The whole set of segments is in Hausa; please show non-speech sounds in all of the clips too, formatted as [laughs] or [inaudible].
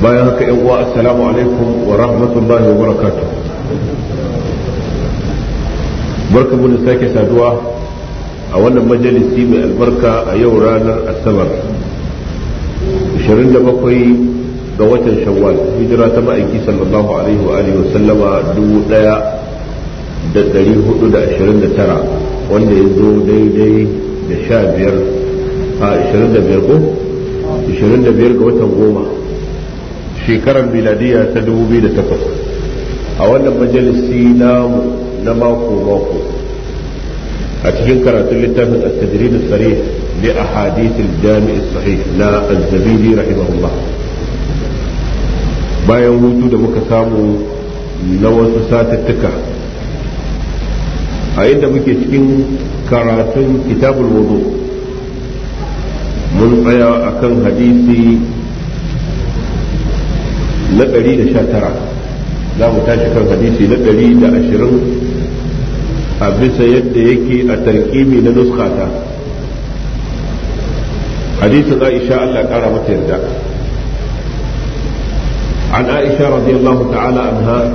bayan haka yan uwa assalamu alaikum wa rahmatullahi wa barakatuh barkamu da sake saduwa a wannan majalisi mai albarka a yau ranar asabar 27 ga watan shawwal hijira ta ma'aiki sallallahu alaihi wa alihi wa sallama dubu daya da da da dari hudu tara wanda ya zo daidai da sha 15 a 25 ko biyar ga watan goma shekarar miladiya ta dubu biyu da 2008 a wannan majalisi namu na mako-mako a cikin karatun littafin at da as ne a ahadith al sahi na az-zabidi rahimahullah bayan hutu da muka samu na wasu satuttuka a inda muke cikin karatun kitabul wudu mun tsaya akan hadisi na 119 za mu tashi kan hadisi na 120 a bisa yadda yake a tarkimi na nuskata hadisin aisha Allah kara mata yarda عن عائشة رضي الله تعالى عنها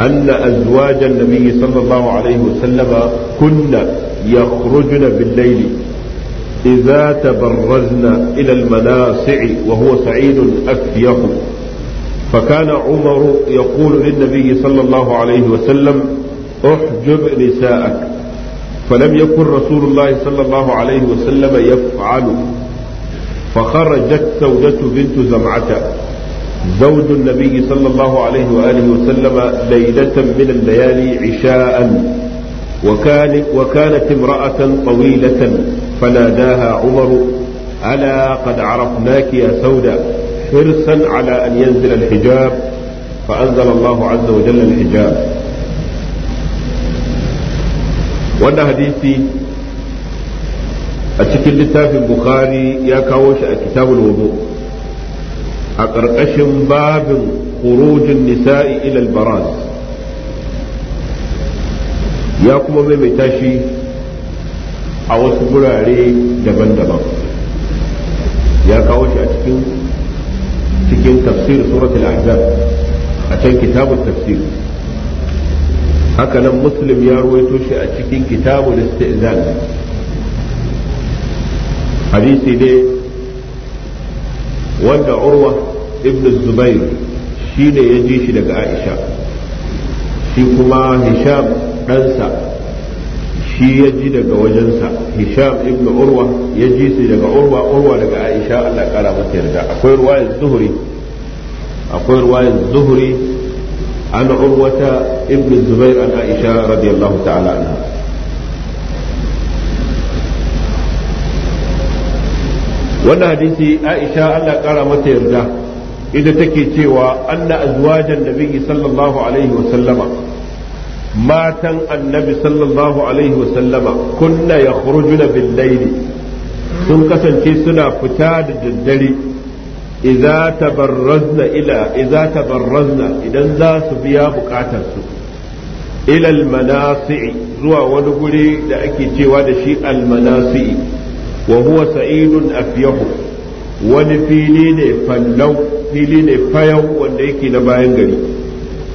أن أزواج النبي صلى الله عليه وسلم كن يخرجن بالليل إذا تبرزن إلى المناصع وهو سعيد أكفيه فكان عمر يقول للنبي صلى الله عليه وسلم احجب نساءك فلم يكن رسول الله صلى الله عليه وسلم يفعل فخرجت سودة بنت زمعة زوج النبي صلى الله عليه وآله وسلم ليلة من الليالي عشاء وكان وكانت امرأة طويلة فناداها عمر ألا قد عرفناك يا سودة حرصا على أن ينزل الحجاب فأنزل الله عز وجل الحجاب وأن حديثي أشكل لتاف البخاري يا كوش كتاب الوضوء أقرقش باب خروج النساء إلى البراز يا كما ميتاشي a wasu gurare daban-daban ya kawo shi a cikin cikin tafsir suratul ahzab a can kitabun tafsir hakanan muslim ya ruwaito shi a cikin kitabul istizan hadisi ne wanda urwa ibn zubair shi ne ya ji shi daga aisha shi kuma hisham ɗansa shi ya ji daga wajensa hisham ibn urwa ya ji su daga urwa urwa daga aisha allah kara mata yarda akwai ruwayar zuhuri akwai ruwayar zuhuri an urwata ibn zubair an aisha radiyallahu ta'ala anha wannan hadisi aisha allah kara mata yarda ita take cewa anna azwajan nabiyyi sallallahu alaihi wa sallama matan annabi sallallahu alaihi wasallama kunna ya khurujuna bil sun kasance suna fita da daddare idza tabarrazna ila idza tabarrazna idan za su biya bukatar su ila al manasi'i zuwa wani guri da ake cewa da shi al manasi'i wa huwa sa'idun afyahu wani fili ne fallau fili ne fayau wanda yake na bayan gari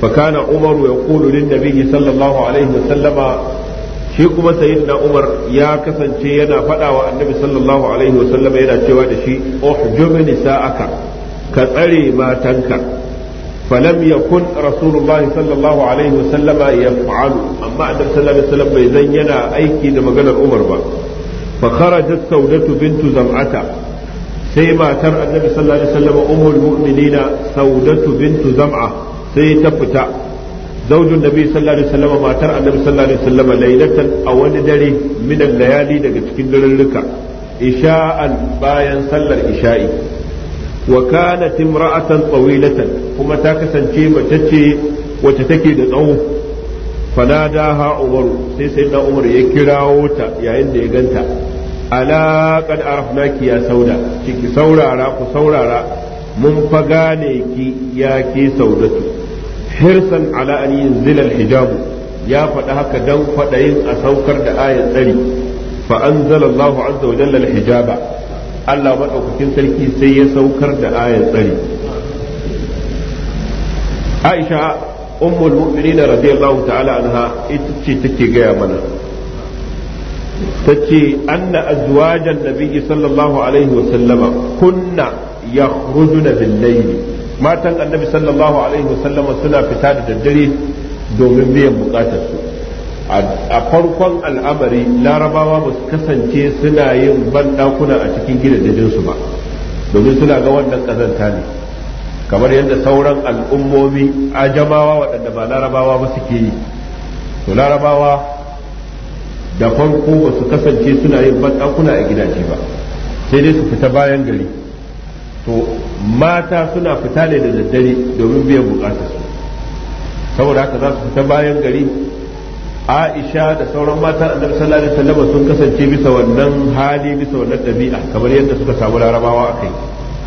فكان عمر يقول للنبي صلى الله عليه وسلم shi kuma sayyidina Umar ya kasance yana faɗa wa annabi sallallahu alaihi wasallam yana cewa da shi oh uhjub nisa'aka ka tsare matanka falam yakun rasulullah sallallahu alaihi wasallam yaf'alu amma annabi sallallahu alaihi wasallam bai zan yana aiki da maganar Umar ba fa kharajat saudatu bintu zam'ata sai matar annabi sallallahu alaihi wasallam ummul mu'minina saudatu bintu zam'a sai ta fita zaujin nabi sallallahu alaihi wasallam matar annabi sallallahu alaihi wasallam laylatan a wani dare min layali daga cikin darurruka isha'an bayan sallar isha'i wa kanat imra'atan tawilatan kuma ta kasance mace ce wacce take da tsawo fanadaha umaru sai sai da umar ya kirawo ta yayin da ya ganta ala qad arafnaki ya sauda kiki saurara ku saurara mun fa gane ki ya ke saudatu hirsan ala an hijabu ya faɗa haka dan kwaɗayin a saukar da ayat tsari fa anzala Allahu azza wa jalla al-hijaba Allah madaukakin sarki sai ya saukar da ayat tsari Aisha ummul mu'minin radiyallahu ta'ala anha ita ce take gaya mana tace anna azwajan nabiyyi sallallahu alaihi wa sallama kunna yakhrujuna bil layli matan annabi sallallahu alaihi wasallama suna fita da daddare domin biyan bukatarsu a farkon al'amari larabawa ba su kasance suna yin banɗakuna a cikin gidajensu ba domin suna ga wannan kazanta ne kamar yadda sauran al'ummomi ajamawa waɗanda ba larabawa ba suke yi to larabawa da farko ba su kasance suna yin banɗakuna a gidaje ba sai dai su fita bayan gari to mata suna fita ne da daddare domin biyan bukatar su saboda haka za su fita bayan gari Aisha da sauran matan annabi sallallahu alaihi wasallam sun kasance bisa wannan hali bisa wannan dabi'a kamar yadda suka samu larabawa kai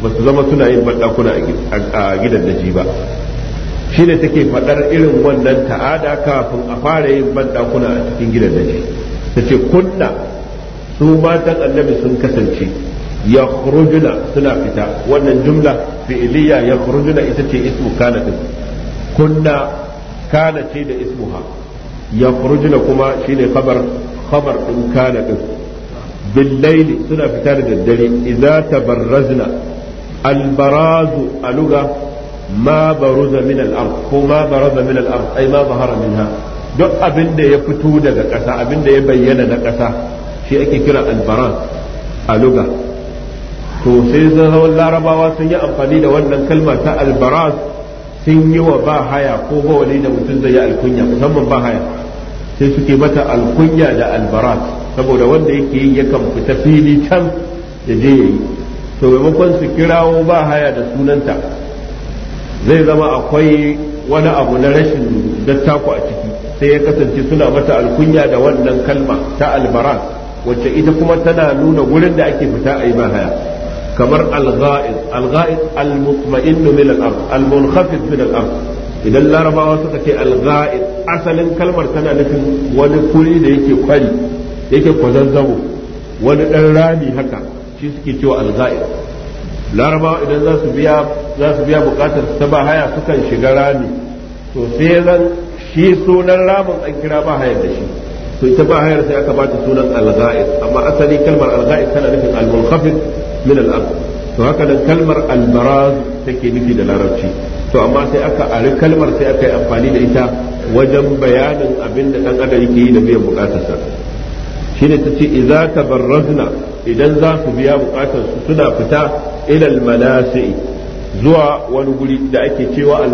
ba su zama suna yin baɗakuna a gidan daji ba shi ne take faɗar irin wannan ta'ada kafin a fara yin bandakuna a cikin gidan da ta ce kunna su matan annabi sun kasance yakhrujuna suna fita wannan jumla fi'liya yakhrujuna ita ce ismu kana din kunna kana ce da ismuha yakhrujuna kuma shine khabar khabar din kana din billaili suna fita da daddare idza tabarrazna albarazu aluga ma baruza min al-ard ko ma baraza min al-ard ma zahara minha duk abin da ya fito daga ƙasa abin da ya bayyana na ƙasa shi ake kira Albara a luga to sai zaman larabawa sun yi amfani da wannan kalma ta albaraz sun yi wa ba haya ko ba wani da mutum zai yi alkunya musamman ba haya sai suke mata alkunya da albaraz saboda wanda yake yi yakan fita fili can ya je yi to maimakon su kirawo ba haya da sunanta zai zama akwai wani abu na rashin dattako a ciki sai ya kasance suna mata alkunya da wannan kalma ta albaraz wacce ita kuma tana nuna wurin da ake fita a yi ba haya kamar al-gha'id al-gha'id al-mutma'in min al idan larabawa suka ce al asalin kalmar tana nufin wani kuri da yake kwari yake kwazazzabo wani dan rami haka shi suke cewa al larabawa idan za su biya bukatar ta ba haya sukan shiga rami to sai zan shi sunan ramin an kira ba hayar da shi to ita ba hayar sai aka bata sunan al amma asalin kalmar al tana nufin al min al to haka nan kalmar al take nufi da larabci to amma sai aka ari kalmar sai aka yi amfani da ita wajen bayanin abin da dan adam yake yi da biyan bukatarsa shine tace idza tabarrazna idan za su biya bukatar su suna fita ilal manasi zuwa wani guri da ake cewa al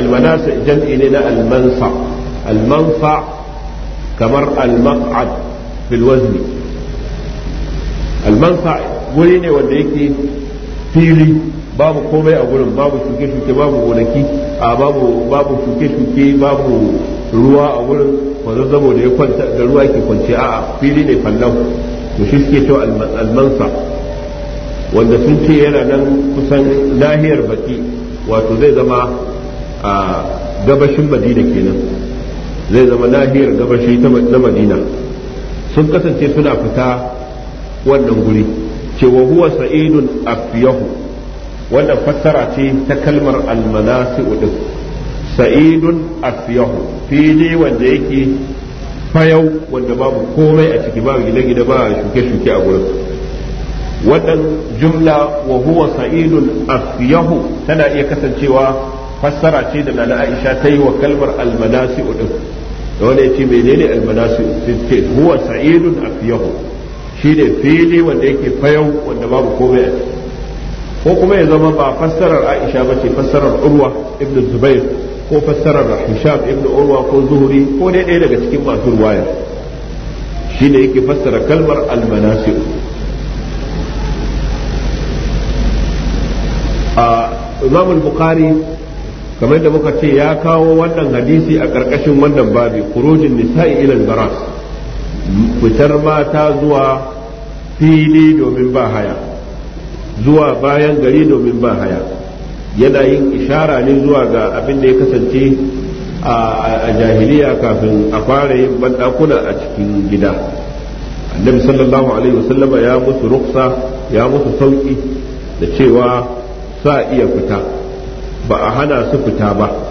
almanasi jam'i ne na al almansa kamar almaq'ad bil wazni wuri ne wanda yake fili babu komai a gurin babu shuke-shuke babu gonaki a babu babu shuke-shuke babu ruwa a gurin wanda zamo da ya kwanta da ruwa ke kwance a fili ne fallau to shi suke cewa almansa wanda sun ce yana nan kusan nahiyar baki wato zai zama a gabashin madina kenan zai zama nahiyar gabashi na madina sun kasance suna fita wannan guri ce wa huwa sa'idun afyahu wanda fassara ce ta kalmar almanasi din sa'idun afyahu fili wanda yake fayau wanda babu komai a ciki babu gida-gida ba shuke-shuke a gurin wadan jumla wa huwa sa'idun afyahu tana iya kasancewa fassara ce da nana Aisha ta yi wa kalmar almanasi'u din da wani ya ce menene almanasi'u sai ce huwa sa'idun afyahu Shi ne fili wanda yake fayau wanda babu komai a ciki ko kuma ya zama ba fassarar Aisha ba ce fassarar Urwa ibn Zubair ko fassarar Hisham ibn Urwa ko Zuhuri ko dai ɗaya daga cikin masu ruwaya Shi shine yake fassara kalmar al a bukari bukhari kamar da muka ce ya kawo wannan hadisi a ƙarƙashin wannan babi kurojin nisa'i ilal baras fitar mata zuwa fili domin ba haya zuwa bayan gari domin ba haya yana yin ishara ne zuwa ga abin da ya kasance a jahiliya kafin a fara yin banɗakuna a cikin gida annabi sallallahu alaihi wasallama ya musu ruksa ya musu sauki da cewa sa iya fita ba a hana su fita ba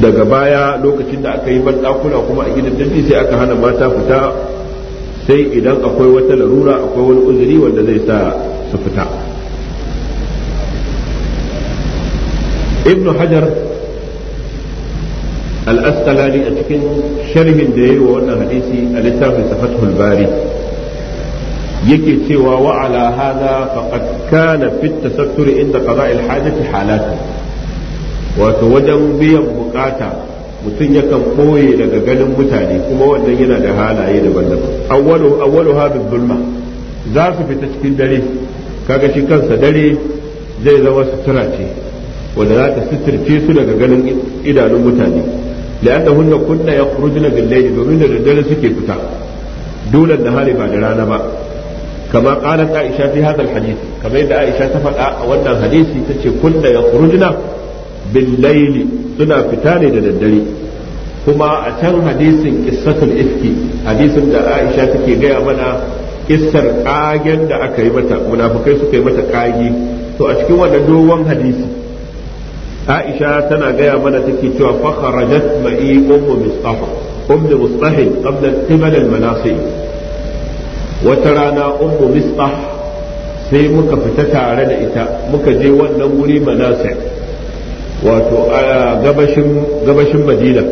daga baya lokacin da aka yi bandakuna kuma a gidan daji sai aka hana mata fita sai idan akwai wata larura akwai wani uzuri wanda zai sa su fita ibnu hajar al-asqalani a cikin sharhin da ya yi wa wannan hadisi a littafin safatul bari yake cewa wa ala hadha faqad kana fi tasattur inda qada'il hajati halatu wato wajen biyan bukata mutum yakan ɓoye daga ganin mutane kuma wannan yana da halaye daban-daban awwalu awwalu Habib zulma za su fita cikin dare kaga shi kansa dare zai zama sutura ce wanda za ta suturce su daga ganin idanun mutane hunna kunna yakhrujuna bil-layli domin da dare suke fita dole da hari ba da rana ba kama qalat aisha fi hadha hadisi. Kama yadda aisha ta faɗa a wannan hadisi tace kunna yakhrujuna billaili suna fita ne da daddare kuma a can hadisin qissatul iski hadisin da Aisha take gaya mana kissar kagen da aka yi mata munafukai suka yi mata kage to a cikin wannan dogon hadisi Aisha tana gaya mana take cewa fa kharajat ma'i ummu mustafa ummu mustahin qabla qibal al-manasi wata rana ummu mistah sai muka fita tare da ita muka je wannan wuri manase. wato a gabashin gabashin madina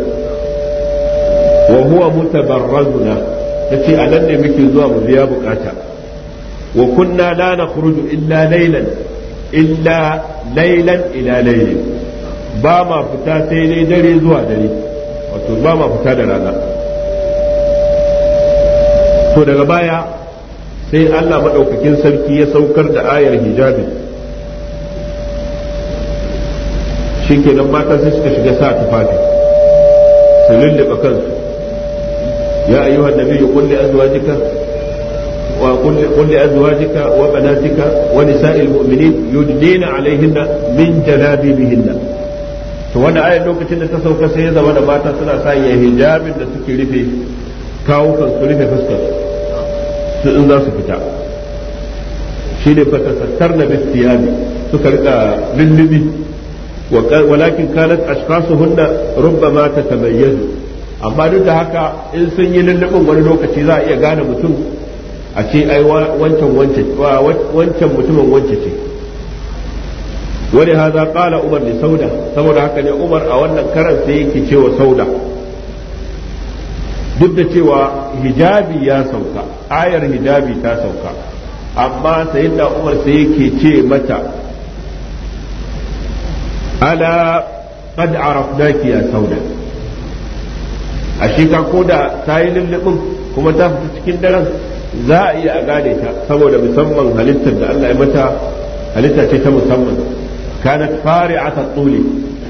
wa huwa mutabarrazuna tace a nan ne muke zuwa mu biya bukata wa kunna la nakhruju illa laylan illa laylan ila layli ba ma fita sai dai dare zuwa dare wato ba ma fita da rana to daga baya sai Allah madaukakin sarki ya saukar da ayar hijabin. shikenan mata sai suka shiga sa tufafi su lullube kansu ya ayyuhan nabiyyu qul li azwajika وقل لأزواجك وبناتك ونساء المؤمنين يدنين عليهن من جلابيبهن to wannan ayar lokacin da ta sauka sai ya zama da mata suna sa ya hijabin da suke rufe kawo kan su rufe fuskar su in za su fita shi ne fata sattar na bistiyabi suka rika lullubi walakin kanat ashkhasuhunna rubbama tatamayyazu amma duk da haka in sun yi lullubin wani lokaci za a iya gane mutum a ce ai wancan wancan mutumin wance ce wani haza kala umar da sauda saboda haka ne umar a wannan karan sai yake cewa sauda duk da cewa hijabi ya sauka ayar hijabi ta sauka amma sayyidina umar sai yake ce mata ala qad arafnaki ya sauda ashe ka koda ta yi lullubin kuma ta fita cikin daren za a iya a gane ta saboda musamman halittar da Allah ya mata halitta ce ta musamman kanat fari'atat tuli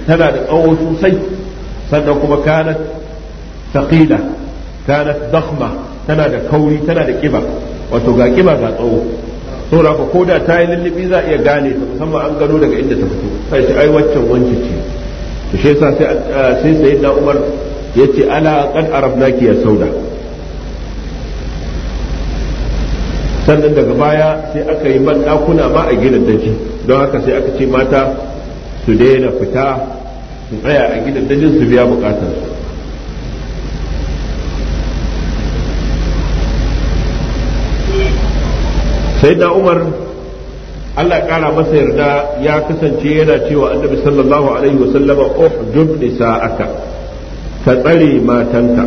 tana da tsawo sosai sannan kuma kanat saqila kanat dakhma tana da kauri tana da kiba wato ga ƙiba ga tsawo saboda ko koda ta yi lullubi za a iya gane ta musamman an gano daga inda ta fito sai ce ai waccan wanki ce to shi yasa sai sai da Umar yace ala qad arafnaki ya sauda sannan daga baya sai aka yi ban dakuna ma a gidan daji don haka sai aka ce mata su daina fita su tsaya a gidan dajin su biya bukatar su sai da umar Allah ya kara masa yarda ya kasance yana cewa annabi sallallahu alaihi wa sallama uhdud aka ka tsare matanka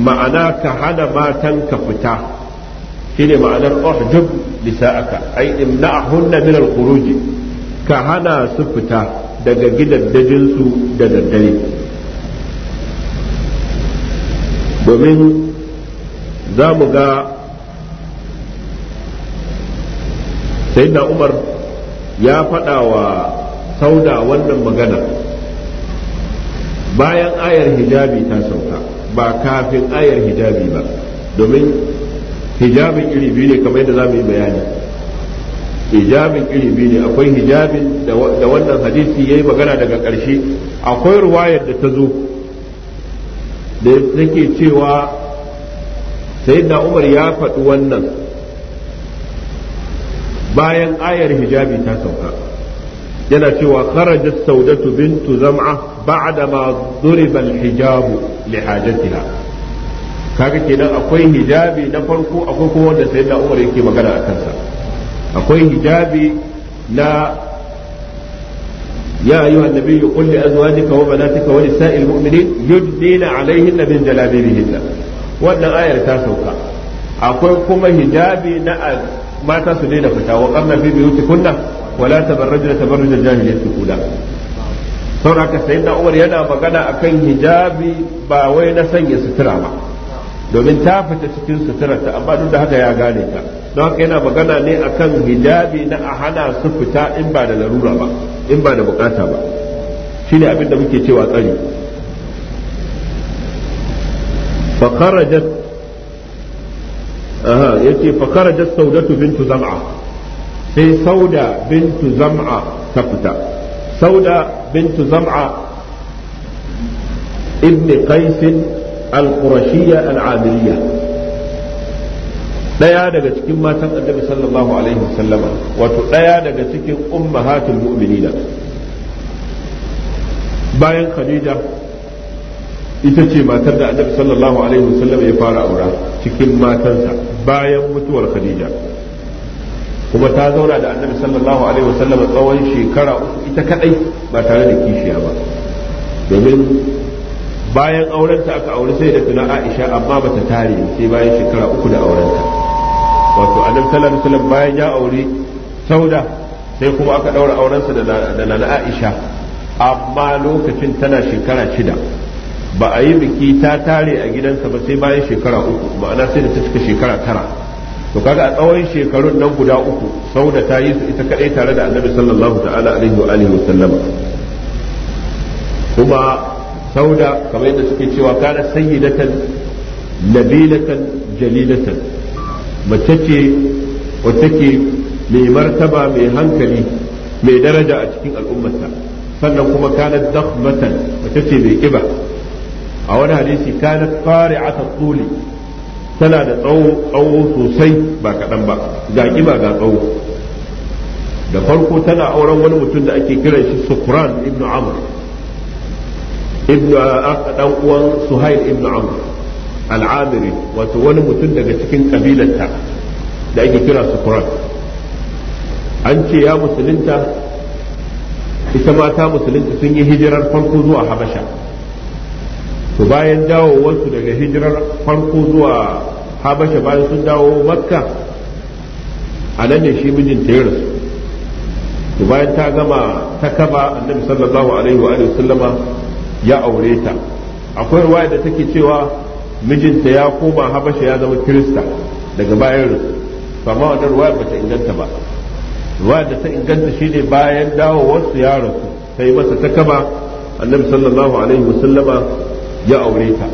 ma'ana ka hana matanka fita shine ma'anar uhdud nisa'aka ai imna'hunna min al-khuruj ka hana su fita daga gidaddajin su da daddare domin za mu ga na umar ya faɗa wa sauda wannan magana bayan ayar hijabi ta sauka ba kafin ayar hijabi ba domin hijabin iri biyu ne kamar yadda za mu yi bayani hijabin iri biyu ne akwai hijabin da wannan hadisi ya yi magana daga ƙarshe akwai ruwayar da ta zo da take cewa sayyidina umar ya faɗi wannan bayan ayar hijabi ta sauka yana cewa kharajat saudatu bintu zam'a ba'da ma duriba al-hijabu li hajatiha kaga kenan akwai hijabi na farko akwai kuma wanda Sayyida Umar yake magana a kansa akwai hijabi na يا أيها النبي قل لأزواجك وبناتك ونساء المؤمنين يدنين عليهن من جلابيبهن wannan ayar ta sauka akwai kuma hijabi na mata su daina fita wa qarna fi kunna wala tabarrajna tabarruj al-jahiliyyah al-ula sauraka sayyidina Umar yana magana akan hijabi ba wai na sanya sutura ba domin ta fita cikin suturarta amma duk da haka ya gane ta don haka yana magana ne akan hijabi na a hana su fita in ba da larura ba in ba da bukata ba shine abin da muke cewa tsari فخرجت aha yace fa kharajat saudatu bintu zam'a sai sauda bintu zam'a ta fita sauda bintu zam'a ibn qais al-qurashiyya al-amiriyya daya daga cikin matan annabi sallallahu alaihi wasallama wato daya daga cikin ummahatul mu'minina bayan khadija ita ce matar da annabi sallallahu alaihi wasallam ya fara aura cikin matansa bayan mutuwar khadija kuma ta zauna da annabi sallallahu alaihi wasallam tsawon shekara uku ita kadai ba tare da kishiya ba domin bayan aurenta aka aure sai da tuna aisha amma bata tare sai bayan shekara uku da aurenta wato annabi sallallahu alaihi wasallam bayan ya aure sauda sai kuma aka daura aurensa da nana aisha amma lokacin tana shekara shida ba a yi biki ta tare a gidansa ba sai bayan shekara uku ma'ana sai da ta cika shekara tara to kaga a tsawon shekarun nan guda uku sauda ta yi su ita kadai tare da annabi sallallahu ta'ala alaihi wa alihi wasallama kuma sauda kamar yadda suke cewa kana sayyidatan labilatan jalilatan mace ce wacce ke mai martaba mai hankali mai daraja a cikin al'ummarta sannan kuma kana dakhmatan mace ce mai kiba a wani hadisi kana fari at-tuli tana da tsawo tsawo sosai ba kaɗan ba ga ƙiba ga tsawo da farko tana auren wani mutum da ake kiran shi sukran ibn Amur, ibn dan uwan suhail ibn Amur, al-amiri wato wani mutum daga cikin kabilarta da ake kira sukran an ce ya musulunta ita mata musulunta sun yi hijirar farko zuwa habasha to bayan dawowarsu daga hijirar farko zuwa habasha bayan sun dawo makka a nan ne shi mijinta ya rasu to bayan ta gama ta kaba annabi sallallahu alaihi wa sallama ya aure ta akwai ruwaya da take cewa mijinta ya koma habasha ya zama kirista daga bayan rasu to amma wannan ruwaya bata inganta ba ruwaya da ta inganta shine bayan dawowarsu ya rasu sai masa ta kaba annabi sallallahu alaihi wa sallama ya aure ta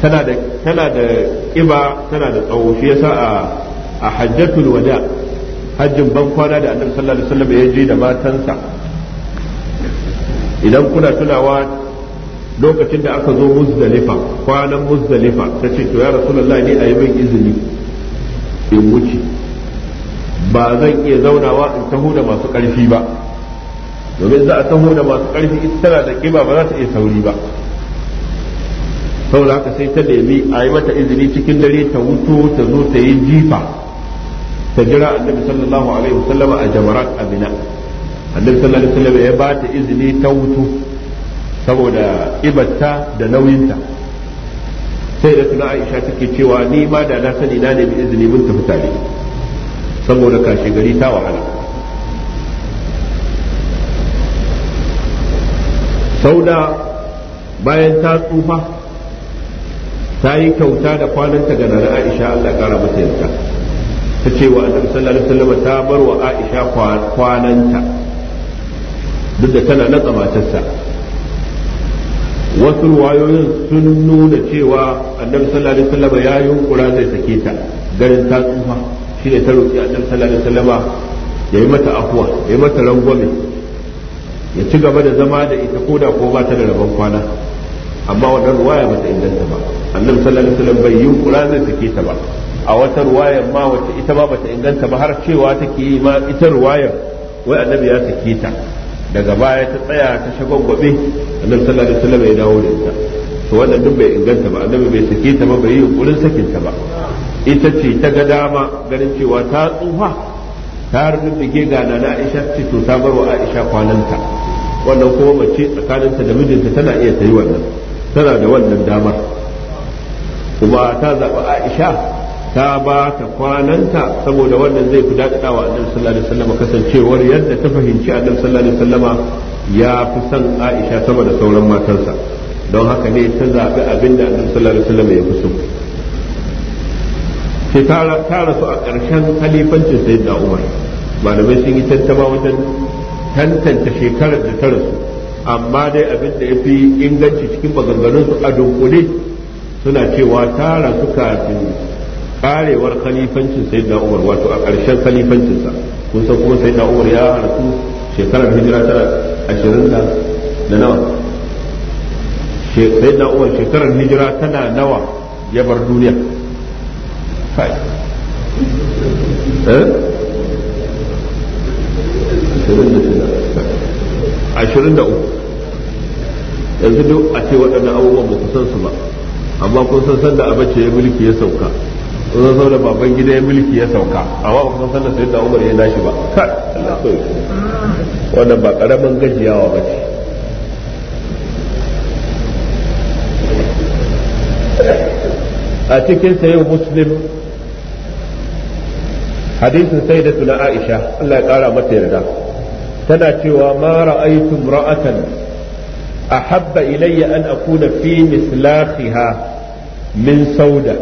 tana da tana da kiba tana da tsawo shi yasa a a hajjatul wada hajjin ban kwana da annabi sallallahu alaihi wasallam ya je da matansa idan kuna tunawa lokacin da aka zo muzdalifa kwanan muzdalifa ta ce to ya rasulullahi ne a yi min izini in wuce ba zan iya zaunawa in taho da masu ƙarfi ba domin za a taho da masu ƙarfi ita tana da ƙiba ba za ta iya sauri ba saboda haka sai ta nemi a yi mata izini cikin dare ta hutu ta zo ta yi jifa ta jira annabi sallallahu alaihi wasallama a jamarat abina annabi sallallahu alaihi wasallama ya ba ta izini ta hutu saboda ibarta da nauyinta sai da tuna aisha take cewa ni ma da na sani na nemi izini mun tafi tare saboda kashe gari ta wahala sauda bayan ta tsufa ta yi kyauta da kwananta ga nana Aisha Allah kara mata yarda ta ce wa annabi sallallahu alaihi wasallam ta bar wa Aisha kwananta duk da tana natsa matarsa wasu ruwayoyin sun nuna cewa annabi sallallahu alaihi wasallam ya yunkura zai sake ta garin ta tsufa shine ta roki annabi sallallahu alaihi wasallam ya yi mata afuwa ya yi mata rangwame ya ci gaba da zama da ita koda ko ba ta da rabon kwana amma wannan ruwaya bata inganta ba annabi sallallahu alaihi wasallam bai zai ta ba a wata ruwayar ma wata ita ba bata inganta ba har cewa take yi ma ita ruwayar wai annabi ya take ta daga baya ta tsaya ta shagon gobe annabi sallallahu alaihi wasallam ya dawo da ita to wannan duk bai inganta ba annabi bai take ta ba bai yi sakin ta ba ita ce ta ga dama ganin cewa ta tsufa ta dige ga na Aisha ce to ta bar wa Aisha kwananta wannan kuma mace tsakaninta da mijinta tana iya tayi wannan tana da wannan damar kuma ta zaɓi aisha ta ba ta kwananta saboda wannan zai fi daɗaɗawa annabi sallallahu alaihi wasallam kasancewar yadda ta fahimci annabi sallallahu alaihi wasallam ya fi son aisha sama da sauran matansa don haka ne ta zaɓi abin da annabi sallallahu alaihi wasallam ya fi so sai ta rasu a ƙarshen sai sayyidina umar malamai sun yi tantama wajen tantance shekarar da ta rasu amma dai abin da ya fi inganci cikin maganganunsu a dunkule suna cewa tara suka kafin karewar khalifancin da umar wato a ƙarshen khalifancinsa kun san kuma da umar ya rasu shekarar hijira tana ashirin da nawa da umar shekarar hijira tana nawa ya bar duniya eh? ashirin da uku yanzu duk a ce waɗannan abubuwan ba ku san su ba amma kun san sanda bace ya mulki ya sauka kun san sanda baban gida ya mulki ya sauka amma kun san sanda da umar ya nashi ba kai Allah so wannan ba karaman gajiyawa ba ce a cikin sayin muslim hadisin tuna aisha Allah ya kara mata yarda tana cewa ma ra'aytum ra'atan ahabba ilayya an akuna fi mislahiha min sauda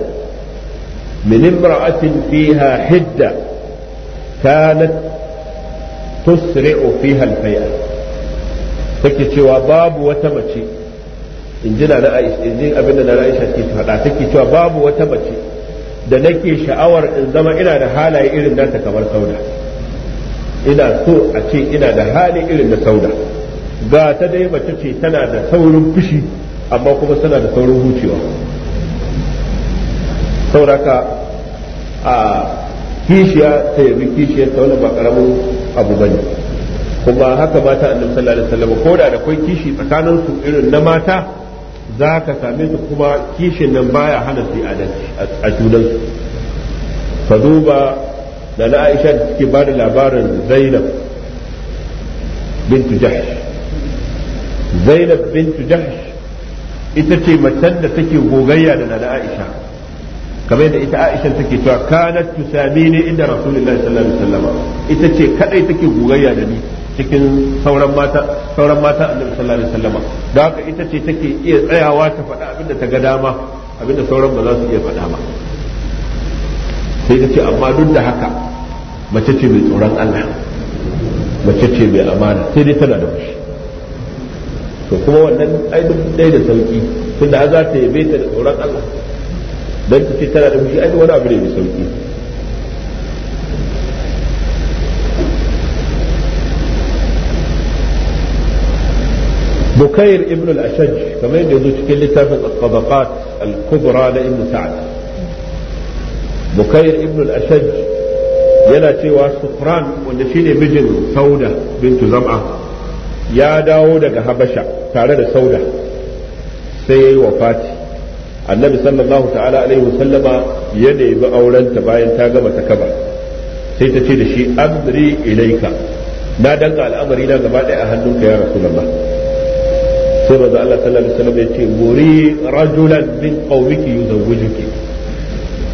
min imra'atin fiha hidda kanat tusri'u fiha al take cewa babu wata mace in ji na Aisha in ji abinda na Aisha ke faɗa take cewa babu wata mace da nake sha'awar in zama ina da halaye irin nata kamar sauda ina so a ce ina da hali irin na sauda ga ta dai mace ce tana da saurin fushi amma kuma tana da saurin hucewa sauraka a kishiya ta yabi kishiyar ta wani ba abu ba ne kuma haka mata annabi sallallahu alaihi wasallam ko da da kwai kishi tsakanin su irin na mata za ka same su kuma kishin nan baya hana su a junansu ka duba da na aisha da suke ba da labarin zainab bintu jahsh zainab bintu jahsh ita ce macen da take gogayya da nana aisha kamar yadda ita aisha take cewa kanat tusamini inda rasulullahi sallallahu alaihi wasallam ita ce kadai da ni cikin sauran mata sauran mata annabi sallallahu alaihi wasallam da haka ita ce take iya tsayawa ta faɗa abinda ta ga dama abinda sauran ba za su iya faɗa ba sai ta ce amma duk da haka mace ce mai tsoron Allah mace ce mai amana sai dai tana da fushi to kuma wannan ai duk dai da sauki tunda har za ta yabe ta da tsoron Allah don ta ce tana da fushi ai wani abu ne mai sauki بكير ابن الأشج كما يقول تكل تافت الطبقات الكبرى لابن سعد بكير ابن الأشج يلا تيوا سفران وندشيني بجن سودة بنت زمعة ya dawo daga habasha tare da sauda sai ya yi wa Fati. annabi sallallahu ta'ala alaihi wasallama ya nemi aurenta bayan ta gama ta kaba sai ta ce da shi amri ilaika na danka al'amari na gaba ɗaya a hannunka ya rasulullah sai manzo Allah sallallahu alaihi wasallam ya ce muri rajulan min qaumiki yuzawwijuki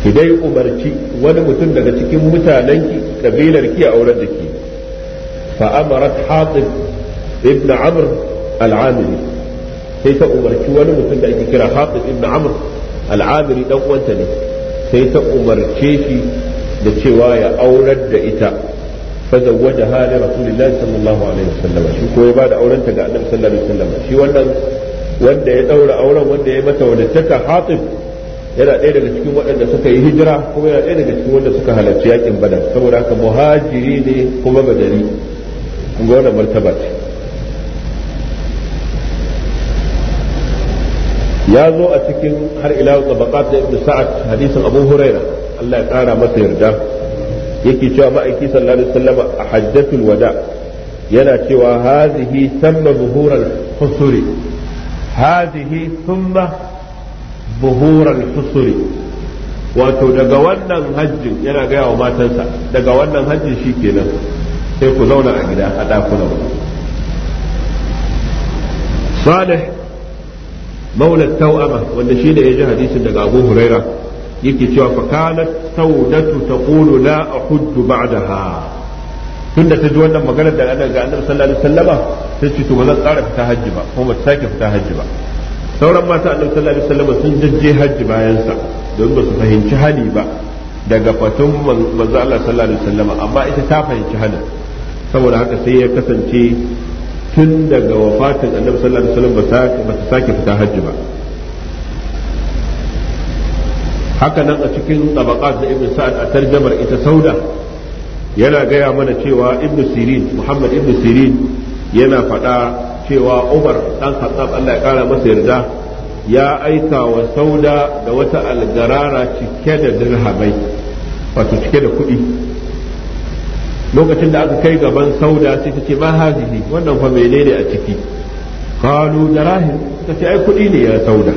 ki dai umarci wani mutum daga cikin mutanenki kabilarki a auren da ke fa amarat hatib ابن عمر al سيتا sai ta umarci wani mutum da ake kira hafiz ibn amr سيتا عمر dan uwanta ne sai ta umarce shi da cewa ya aurar da ita فزوجها لرسول الله صلى الله عليه وسلم shi ko ya ba aurenta ga annabi sallallahu alaihi shi wannan wanda ya daura auren wanda ya mata wadataka hatib yana ɗaya daga cikin waɗanda suka yi hijira kuma yana ɗaya daga cikin wanda suka halarci yakin badar saboda haka muhajiri ne kuma badari kun ga wannan martaba ya zo a cikin har ila tabaqat da ibnu sa'ad hadisin abu huraira Allah ya kara masa yarda yake cewa ma'aiki sallallahu alaihi wasallam a hajjatul wada yana cewa hazihi tamma al husuri hazihi thumma al husuri wato daga wannan hajjin yana gaya wa matansa daga wannan hajjin shi kenan sai ku zauna a gida a ɗakunan salih maulat Tau'ama wanda shi ne ya ji hadisin daga abu huraira yake cewa fa kanat saudatu taqulu la ahuddu ba'daha tunda ta ji wannan magana da annabi sallallahu alaihi wasallama sai ce to ba zan tsara fita hajji ba kuma ba sake fita hajji ba sauran mata annabi sallallahu alaihi wasallama sun jajje hajji bayan sa don ba su fahimci hali ba daga fatun manzo Allah sallallahu alaihi wasallama amma ita ta fahimci hali saboda haka sai ya kasance tun daga wafatin annabi sallallahu alaihi wasallam ba ta sake fita hajji ba haka nan a cikin tabaqat da ibnu sa'ad a tarjamar ita sauda yana gaya mana cewa ibnu sirin muhammad ibnu sirin yana faɗa cewa umar dan khattab Allah ya kara masa yarda ya aika wa sauda da wata algarara cike da dirhamai wato cike da kuɗi lokacin da aka kai gaban sauda sai ta ce ma hazihi wannan fa menene a ciki qalu darahim ta ce ai kuɗi ne ya sauda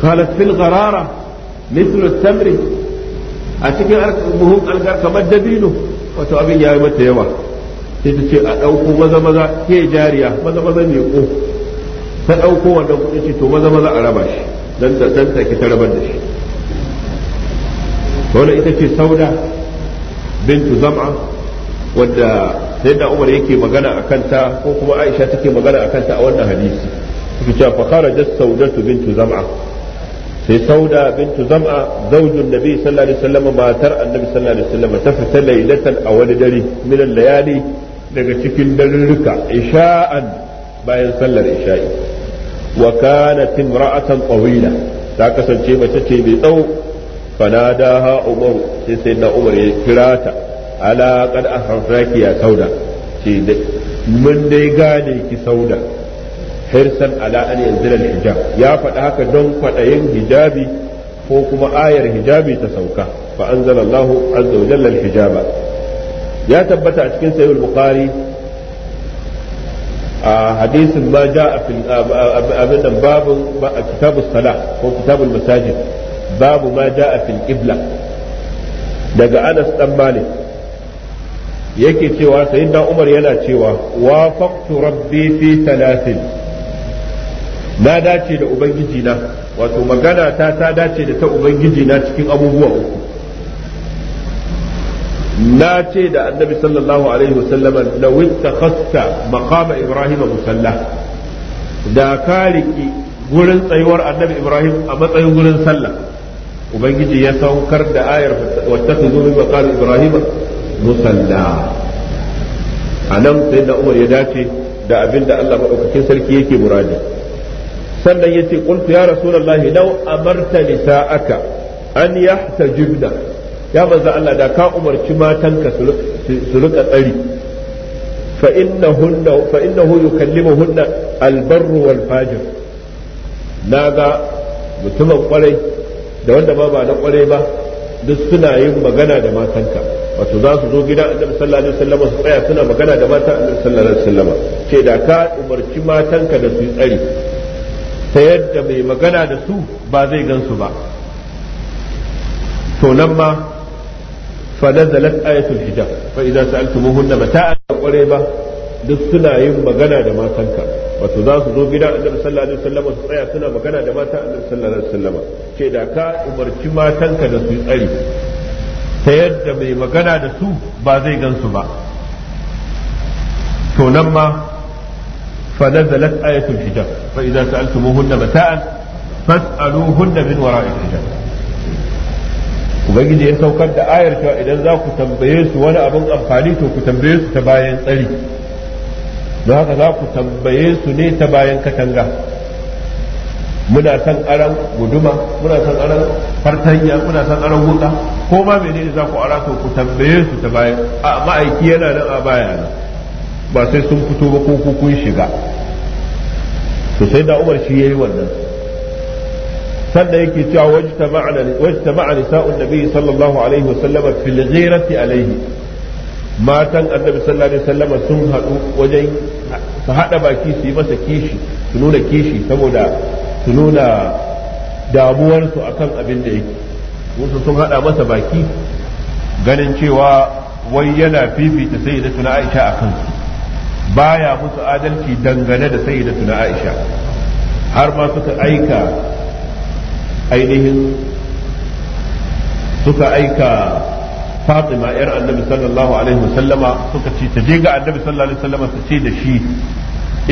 qalat fil gharara mithlu tamri a cikin buhun algar kamar dabino wato abin yayi mata yawa sai ta ce a ɗauko maza maza ke jariya maza maza ne ko ta ɗauko wannan kuɗi ce to maza maza a raba shi dan da dan take ta rabar da shi wannan ita ce sauda bintu zam'a wadda sayyidina Umar yake magana a kanta ko kuma Aisha take magana a kanta a wannan hadisi take cewa fa saudatu bintu zam'a sai sauda bintu zam'a zaujun nabi sallallahu alaihi wasallam matar annabi sallallahu alaihi wasallam ta fita lailatan a wani dare min layali daga cikin darurruka isha'an bayan sallar isha'i wa kanat imra'atan ta kasance mace ce mai tsawo fanadaha umar sai sayyidina umar ya kira ta ala kad ahsaki ya sauda ce mun dai gane ki sauda hirsan ala an yanzila hijab ya faɗa haka don kwaɗayin hijabi ko kuma ayar hijabi ta sauka fa Allahu azza wa jalla hijaba ya tabbata a cikin sahih bukhari a hadisin ma ja abin nan babu a kitabu sala ko kitabul masajid babu ma ja fil qibla daga anas dan malik yake cewa da umar yana cewa wa faqtu rabbi fi talatin na dace da ubangiji na wato magana ta ta dace da ta ubangiji na cikin abubuwa uku na ce da annabi sallallahu alaihi wasallama da witta khasta maqama ibrahim musalla da ka riki gurin tsayuwar annabi ibrahim a matsayin gurin sallah ubangiji ya saukar da ayar wata zo min maqama ibrahim musalla a nan sai da umar ya dace da abin da Allah maɗaukakin sarki yake muradi sannan ya ce ya rasulullahi martani amarta nisa'aka an yahtajibna ya manzo Allah da ka umarci matanka su rika tsari fa innahunna fa innahu yukallimuhunna albarru wal fajir naga mutumin kwarai da wanda ba ba na kwarai ba duk suna yin magana da matanka wato za su zo gida annabi sallallahu alaihi wasallam su tsaya suna magana da matan annabi sallallahu alaihi wasallam ce da ka umarci matanka da su tsari ta yadda mai magana da su ba zai gansu ba to nan ma fa nazalat ayatul hijab fa idza sa'altumuhunna mata'an qareba duk suna yin magana da matanka wato za su zo gida annabi sallallahu alaihi wasallam su tsaya suna magana da mata annabi sallallahu alaihi wasallam ce da ka umarci matanka da su tsari ta yadda mai magana da su ba zai gansu ba to nan ma fa nazalat ayatul hijab fa idza sa'altumuhunna mata'an fas'aluhunna min wara'il hijab ubangiji ya saukar da ayar cewa idan za ku tambaye su wani abin amfani to ku tambaye su ta bayan tsari za ka za ku tambaye su ne ta bayan katanga muna son aran guduma muna son aran fartanya muna son aran wuka ko ma ne za ku ara to ku tambaye su ta bayan a ma'aiki yana nan a baya ne ba sai sun fito ba ko ku kun shiga to sai da umar shi yayi wannan sannan yake cewa wajta ma'ana wajta ma'ana sa'un nabi sallallahu alaihi wasallam fil ghirati alaihi matan annabi sallallahu alaihi wasallam sun haɗu wajen su haɗa baki su yi masa kishi su nuna kishi saboda su nuna damuwarsu akan abin da yake wasu sun haɗa masa baki ganin cewa wai yana fifita sayyidatuna Aisha a kansu baya musu adalci dangane da na Aisha har ma suka aika ainihin suka aika fatima yar annabi sallallahu alaihi wasallama suka ce ta je ga annabi sallallahu ce da shi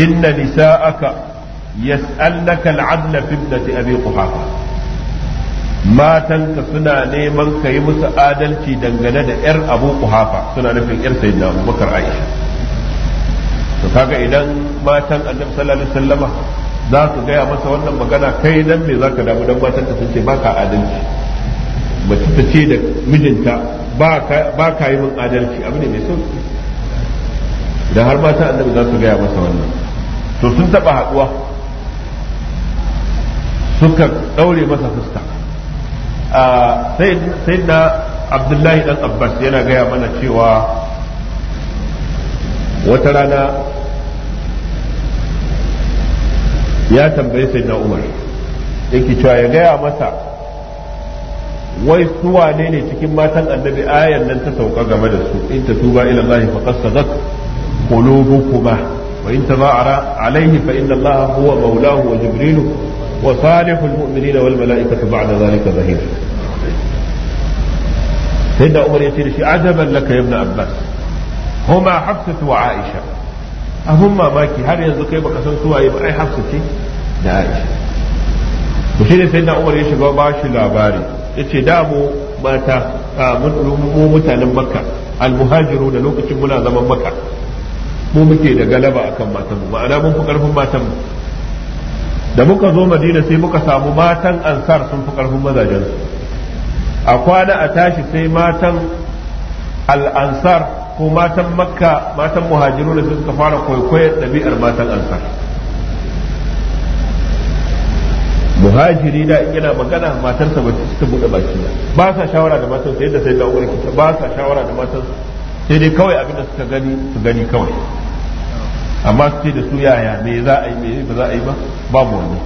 inna nisa'aka yas'alnaka al'adla fi ibnati abi quhafa matanka suna neman ka yi musu adalci dangane da yar abu quhafa suna nufin yar sayyidina abubakar aisha to kaga idan matan annabi sallallahu alaihi za su gaya masa wannan magana kai nan me zaka damu dan matanka sun ce baka adalci mace ta ce da mijinta ba ka yi min adalci abu ne mai sauki da har mata annabi za su gaya masa wannan to sun taɓa haɗuwa suka ɗaure masa fuska sai da abdullahi dan abbas yana gaya mana cewa wata rana ya tambayi sai umar yake cewa ya gaya masa wai su wane ne cikin matan annabi ayan nan ta sauka game da su in tatuba ila Allah faqad sadat qulubukuma wa in taza'ara alayhi fa inna Allah huwa mawlahu wa Jibrilu wa salihul mu'minina wal mala'ikatu ba'da zalika zahir sayyidina Umar yace da shi ajaban laka ibn Abbas huma Hafsatu wa Aisha abun mamaki har yanzu kai baka san su waye ba ai Hafsa ce da Aisha to shi ne sayyidina Umar ya shiga ba shi labari yace da mu mata mu mutanen makka almuhajiru da lokacin muna zaman makka mu muke da galaba akan matan mu ma'ana mun fi karfin matan mu da muka zo madina sai muka samu matan ansar sun fi karfin mazajen su a kwana a tashi sai matan al-ansar ko matan makka matan muhajiru da suka fara kwaikwayon ɗabi'ar matan ansar muhajiri da in yana magana matarsa ba ta buɗe baki ba sa shawara da matarsa yadda sai da umar ba sa shawara da matarsa sai dai kawai abin da suka gani su gani kawai amma su ce da su yaya me za a yi me ba za a yi ba babu wani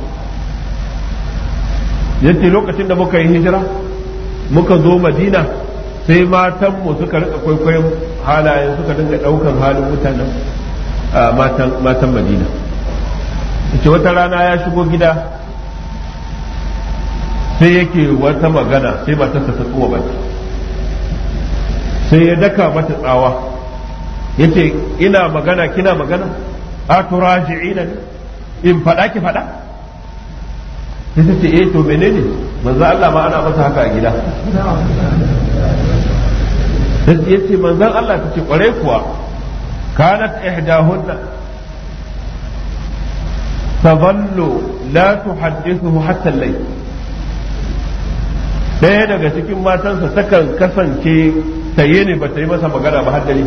yace lokacin da muka yi hijira muka zo madina sai matanmu suka rika kwaikwayon halayen suka dinga daukan halin mutanen matan madina ce wata rana ya shigo gida sai yake wata magana sai ba ta tsuwa baki sai ya daka mata tsawa yace ina magana kina magana a turaji'ina in faɗa ki faɗa sai ta ce eh to menene manzo Allah ma ana masa haka a gida yace manzon Allah ta ce kware kuwa kanat ihdahunna tadallu la tuhaddithu hatta al-layl ɗaya daga cikin matansa takan kasance saye ne ba ta yi masa magana ba haddari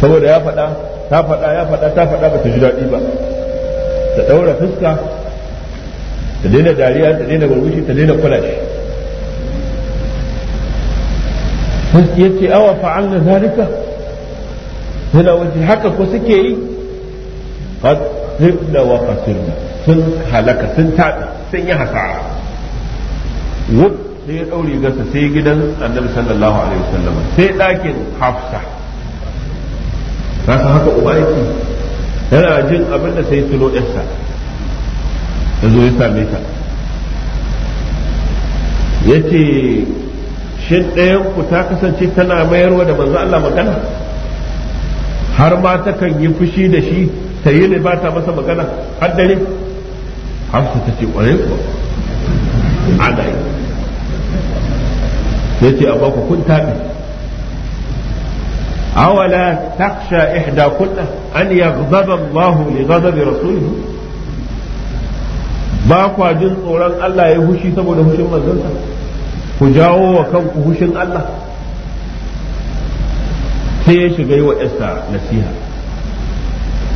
saboda ya faɗa ta faɗa ya faɗa ta faɗa ba ta ji daɗi ba ta ɗaura fuska ta daina dariya ta daina gurgushi ta daina kula shi ya ce awa na zalika yana wajen haka ko suke yi qad zibna wa khasirna sun halaka sun taɗa sun yi hasara wuf sai ya ɗaure gasa sai gidan annabi sallallahu alaihi wasallam sai ɗakin hafsa kasa haka uba yake yana jin abin da sai tuno ɗansa ya zo ya same ta ya ce shin ɗayan ku ta kasance tana mayarwa da manzo Allah magana har ma ta kan yi fushi da shi ta yi ba ta masa magana har dare hafsa ta ce ƙwarai kuwa ana yi sai ce amma ku kun taɓe awala taksha ihda kunna an yaghdaba Allah li ghadabi rasulih ba kwa jin tsoron Allah ya hushi saboda hushin manzonsa ku jawo wa kanku hushin Allah sai ya shiga yi wa Esther nasiha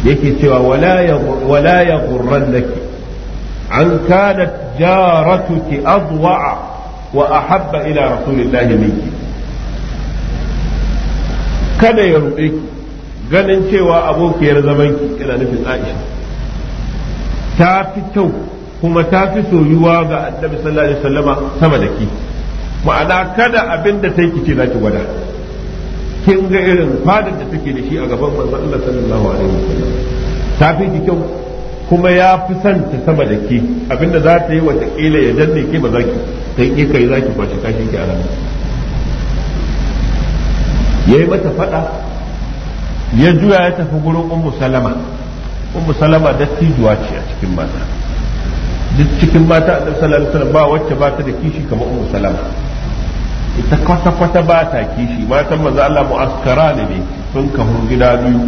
yake cewa wala ya gurran laki an kanat jaratuki azwa'a wa ahabba ila rasulillahi minki kada ya ruɗe ki ganin cewa abokiyar zaman ki yana nufin Aisha ta fi kyau kuma ta fi soyuwa ga annabi sallallahu alaihi wasallama sama da ki ma'ana kada abinda da take za ki gwada kin ga irin fadar da take da shi a gaban manzon Allah sallallahu alaihi wasallam ta fi ki kyau kuma ya fi son ta sama da ke abinda za ta yi watakila ya danne ke ba za ki ta yi kai za ki kwashe kashin ki a ranar ya yi mata faɗa ya juya ya tafi gurin ummu salama ummu salama dattijuwa ce a cikin mata duk cikin mata a sallallahu alaihi ba wacce ba ta da kishi kamar ummu salama ita kwata kwata ba ta kishi matan maza Allah mu'askara ne ne sun kahu gida biyu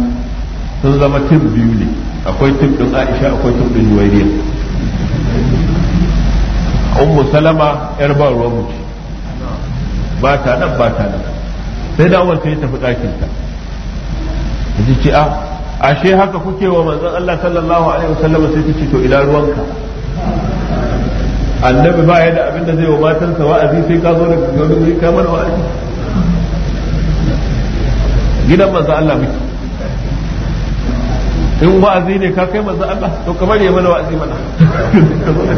sun zama tif biyu ne akwai tif din aisha akwai tib din juwairiya ummu salama yar ba ruwan mutu. ba ta nan ba ta nan sai da awal sai tafi ɗakin ta ji ce a ah, ashe haka kuke wa manzon Allah sallallahu alaihi wasallam sai ta ce to ina ruwanka annabi ba ya da abin da zai wa matansa wa'azi sai ka zo da wani wuri mana wa'azi gidan manzon Allah muke in wa'azi ne ka kai manzo Allah to kamar ya mana wa'azi mana Kawai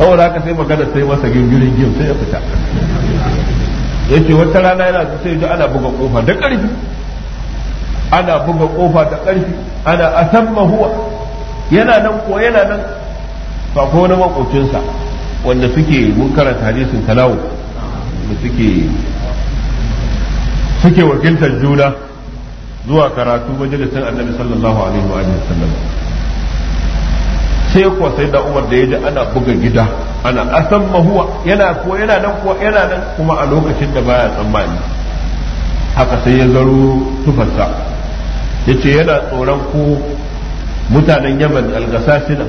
saboda haka sai magana sai masa gingirin gim sai ya fita Ya ce wata rana yana sai ji ana buga kofa da ƙarfi ana buga kofa da ƙarfi ana asamma huwa yana nan ko yana nan ba ko wani makocinsa wanda suke mun karanta hadisin talawo da suke suke wakiltar juna zuwa karatu san annabi sallallahu alaihi wa sallam sai kuwa sai da umar da ya ji ana buga gida ana asan mahuwa yana kuwa yana nan kuwa yana nan kuma a lokacin da baya tsammani haka sai ya zaro tufarsa ya ce yana tsoron ko mutanen yaman algasashinan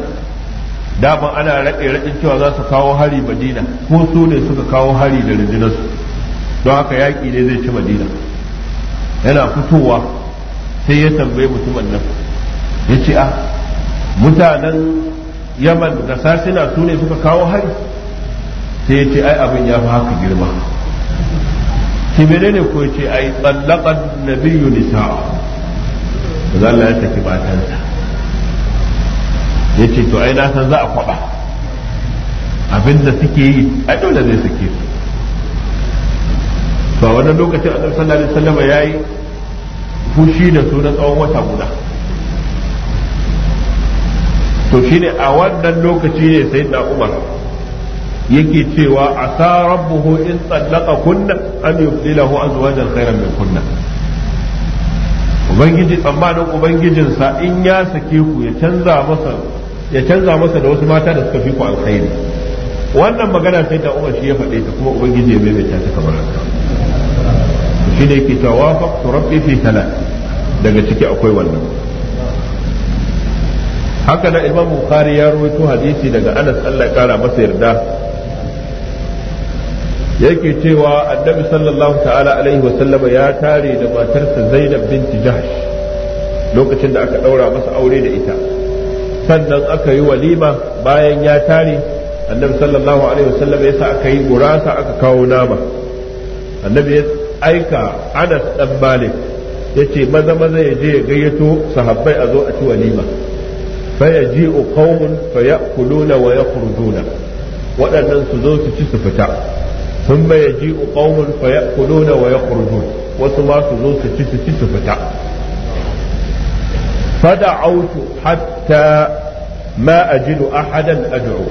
daman ana raɗe raɗin cewa za su kawo hari madina ko su ne suka kawo hari da rundunarsu don haka yaƙi ne zai ci madina yana fitowa sai ya tambaye mutumin nan ya ce a ah, mutanen yaman da sasina su ne suka kawo hari sai ya ce ai abin ya fi haka girma ki menene ko ya ce ai tsallaqan nabiyyu nisa'a da Allah ya saki matansa ya ce to ai na san za a kwaba abinda suke yi a dole zai sake su to a wannan lokacin annabi sallallahu alaihi ya yi. fushi da su na tsawon wata guda to shi ne a wannan lokaci ne sai da umar yake cewa a asa rabbuhu in tsallaka kunna an yubdilahu azwajan khairan mai kunna ubangiji tsammanin ubangijinsa in ya sake ku ya canza masa da wasu mata da suka fi ku alkhairi wannan magana sai da umar shi ya faɗe ta kuma ubangiji ya maimaita ta kamar haka shi ne ke tawafaqtu rabbi fi salat daga ciki akwai wannan haka na imam bukhari ya rawaito hadisi daga anas Allah kara masa yarda yake cewa annabi sallallahu ta'ala alaihi wa sallama ya tare da matarsa zainab binti jahsh lokacin da aka daura masa aure da ita sannan aka yi walima bayan ya tare annabi sallallahu alaihi wa sallama ya sa aka yi gurasa aka kawo nama annabi aika anas dan malik ya ce maza maza ya je ya gayyato sahabbai a zo a ci walima fa yaji'u qaumun fa ya'kuluna wa yakhrujuna waɗannan su zo su ci su fita sun ba ya yaji'u qaumun fa ya'kuluna wa yakhrujuna wasu ma su zo su ci su ci su fita autu hatta ma ajidu ahadan ad'u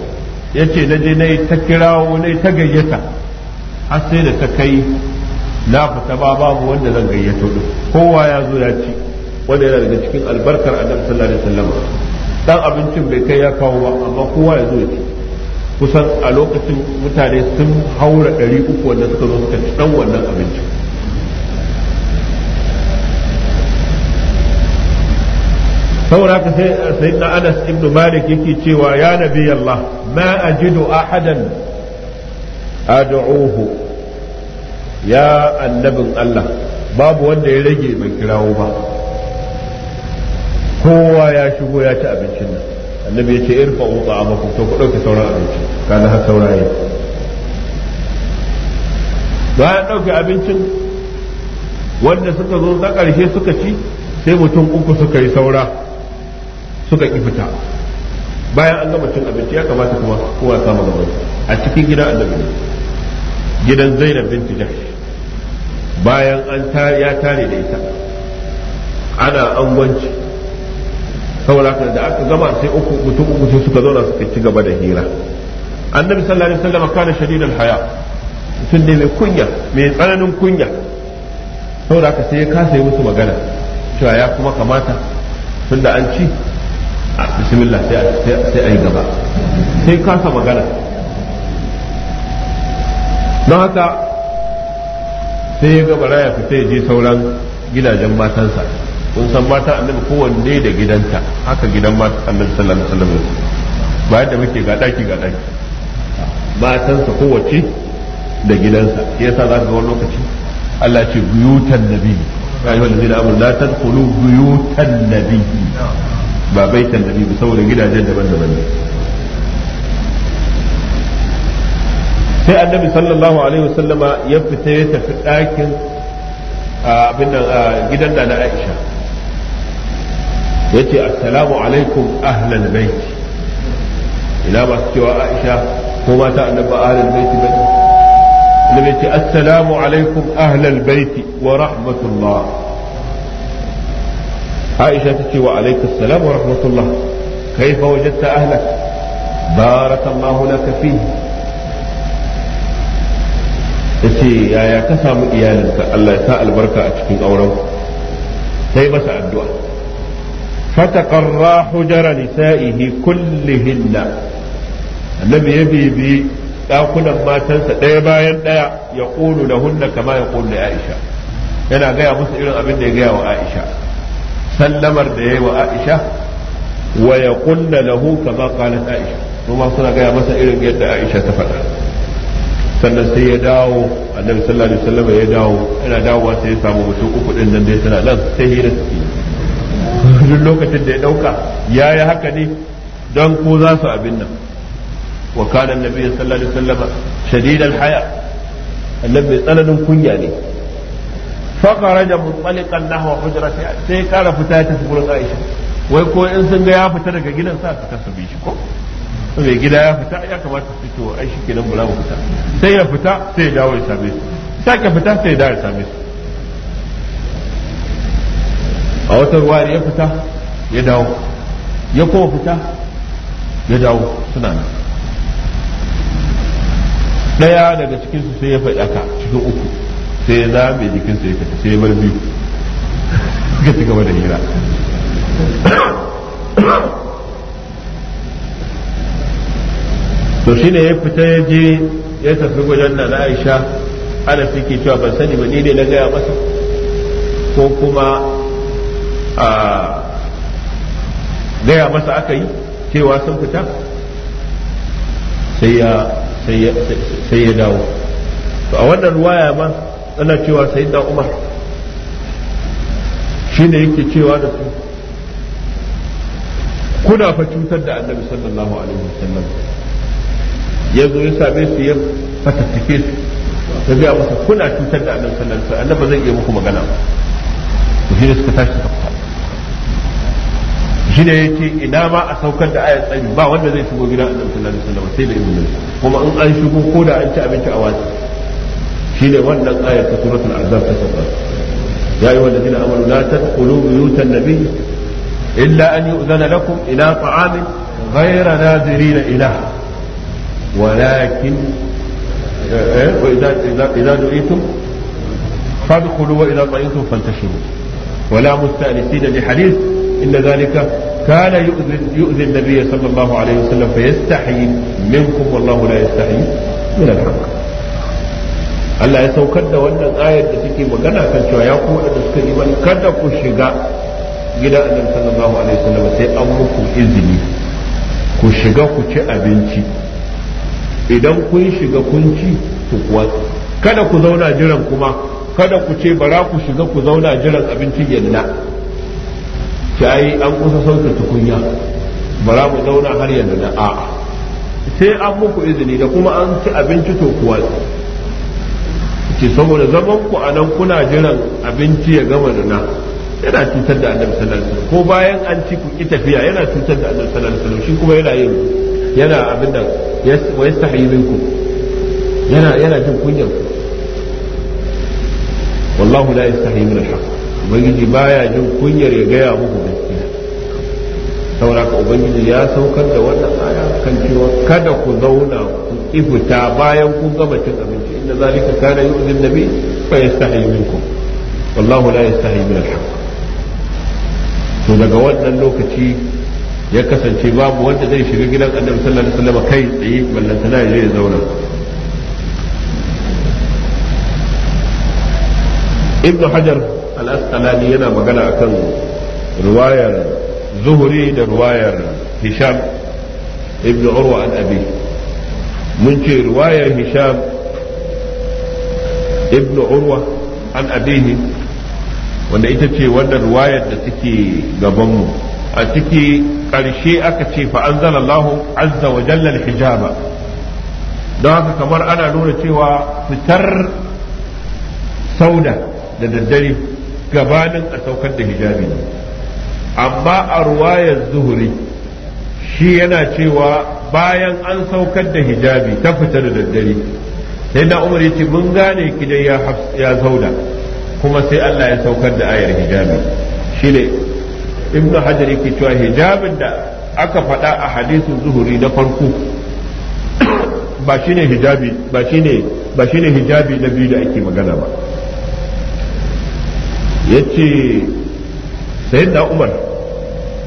yace na je na ta kirawo na ta gayyata har sai da ta kai na fita ba babu wanda zan gayyato din kowa ya zo ya ci wanda yana daga cikin albarkar annabi sallallahu alaihi wasallam dan abincin bai kai ya kawo ba amma kowa ya zo ya ci kusan a lokacin mutane sun haura ɗari uku wanda suka zo suka ci dan wannan abincin saboda haka sai sayyidina Anas ibn Malik yake cewa ya nabi Allah ma ajidu ahadan ad'uhu ya annabin Allah babu wanda ya rage bai kirawo ba kowa ya shigo ya ci abincin nan annabi ya ce irfa uku a maku to ku ɗauki sauran abinci kana har sauraye bayan ɗauke abincin wanda suka zo na ƙarshe suka ci sai mutum uku suka yi saura suka ƙi fita bayan an gama cin abinci ya kamata kuma kowa samu gaba a cikin gidan annabi gidan zainab binti jahsh bayan an ya tare da ita ana angwanci saboda da aka gama sai uku mutum uku sai suka zauna suka ci gaba da hira annabi sallallahu alaihi wasallam kana shadidul haya mutum ne mai kunya mai tsananin kunya saboda haka sai ya kasa yi musu magana cewa ya kuma kamata Tun da an ci a bismillah sai a yi gaba sai kasa magana don haka sai ya ga baraya fita ya je sauran gidajen matansa kun san mata annabi kowanne da gidanta haka gidan mata annabi sallallahu alaihi wasallam bayan da muke ga daki ga daki matansa kowace da gidansa yasa za ka ga wani lokaci Allah ce buyutan nabi ya ayyuhal ladina amanu la tadkhulu buyutan nabi ba baitan nabi saboda gidajen daban-daban ne sai annabi sallallahu alaihi wasallama ya fita ya tafi ɗakin abin nan gidan da na Aisha Ya ce assalamu alaikum ahlal bait ina masu cewa Aisha ko mata annabi ahlal bait ba ya ce assalamu alaikum ahlal bait wa rahmatullah Aisha ce wa alaikum assalam wa rahmatullah kaifa wajadta ahlak بارك الله لك فيه ta ce yaya ka samu iyalinka Allah ya sa albarka a cikin auren sai masa addu'a fataqarra hujara nisa'ihi kullihinna annabi ya bibi dakunan matansa ɗaya bayan ɗaya ya ƙulu da hunna kama ya ƙulu da Aisha yana gaya musu irin abin da ya gaya wa Aisha sallamar da ya yi wa Aisha wa ya ƙunna lahu kama qalat Aisha kuma suna gaya masa irin yadda Aisha ta faɗa sannan sai ya dawo annabi sallallahu alaihi wasallam ya dawo yana dawowa sai ya samu mutum uku din nan dai suna nan sai hira suke [laughs] duk lokacin da ya dauka yayi haka ne dan ko za su abin nan wa kana annabi sallallahu alaihi wasallam shadid haya annabi tsananin kunya ne fakara da mutsalikan nahwa hujra sai kara fita ta gurin Aisha wai ko in sun ga fita daga gidan sa ka bi shi ko mai gida ya fita ya kamata su fito ai shi kenan ba za mu fita sai ya fita sai ya dawo ya same su sake fita sai ya dawo ya same su a wata ruwa ya fita ya dawo ya kuma fita ya dawo suna nan ɗaya daga cikinsu sai ya faɗi aka cikin uku sai ya zame jikinsa ya fita sai ya bar biyu suka ci gaba da hira to ne ya fita ya je ya tafi wajen na Aisha ana ke cewa ban sani ba ni ne na gaya masa ko kuma a gaya masa aka yi cewa sun fita sai ya dawo to a wannan ruwaya ma ana cewa sai da umar shi ne yake cewa da su kuna fa cutar da annabi sallallahu alaihi wasallam ya zo ya same su ya fatattake su ya gaya masa kuna cutar da annabi sallallahu alaihi wasallam ba zan iya muku magana ba to shi ne suka tashi suka fita shi ne yake ina ma a saukar da ayat tsari ba wanda zai shigo gidan annabi sallallahu alaihi wasallam sai da izinin kuma in an shigo ko da an ci abinci a waje shi ne wannan ayat ta suratul azab ta sauka ya yi wanda zina amalu la tadkhulu buyutan nabi illa an yu'zana lakum ila ta'amin ghayra nadirina ilah walakin wala musta'nisina li hadith inna dhalika kana yu'zi wa sallam Allah ya saukar da wannan ayar da take magana kan cewa ya kuma da suka yi kada ku shiga gidan annabi sallallahu alaihi wasallam sai an muku izini ku shiga ku ci abinci idan kun shiga kun ci ku kuwa kada ku zauna jiran kuma kada ku ce bara ku shiga ku zauna jiran abincin yanna ki an kusa sauke tukunya bara mu zauna har yanzu da a'a sai an muku izini da kuma an ci abinci to kuwa ce saboda zaman ku a nan kuna jiran abinci ya gama da na yana cutar da annabi sallallahu alaihi wasallam ko bayan an ci ku ki tafiya yana cutar da annabi sallallahu alaihi wasallam shi kuma yana yin yana abin da wa yastahi minkum yana yana jin kunyar ku wallahu la yastahi min al-haq ubangiji baya jin kunyar ya gaya muku gaskiya saboda ka ubangiji ya saukar da wannan aya kan cewa kada ku zauna ku ibuta bayan ku gama cin abinci inda zalika kana yu'zin nabi fa yastahi minkum wallahu la yastahi min al-haq to daga wannan lokaci ya kasance babu wanda zai shiga gidan annabi sallallahu alaihi wasallam kai tsaye ballantana na ya zauna ibn hajar al-asqalani yana magana akan riwayar zuhuri da riwayar hisham ibn urwa an abi mun ce riwayar hisham ibn urwa an abihi wanda ita ce wannan riwayar da take gabanmu mu a ciki ƙarshe aka ce fa Allah azza wa jalla hijaba don haka kamar ana nuna cewa fitar sauda da daddare gabanin a saukar da hijabi amma a ruwayar zuhuri shi yana cewa bayan an saukar da hijabi ta fita da daddare sai na umar ce mun gane ki dai ya sauda kuma sai Allah ya saukar da ayar hijabi shi ne ibnu hajar yake cewa hijabin da aka faɗa a hadisin zuhuri na farko ba shine hijabi ba shine ba shine hijabi na biyu da ake magana ba yace sayyidina umar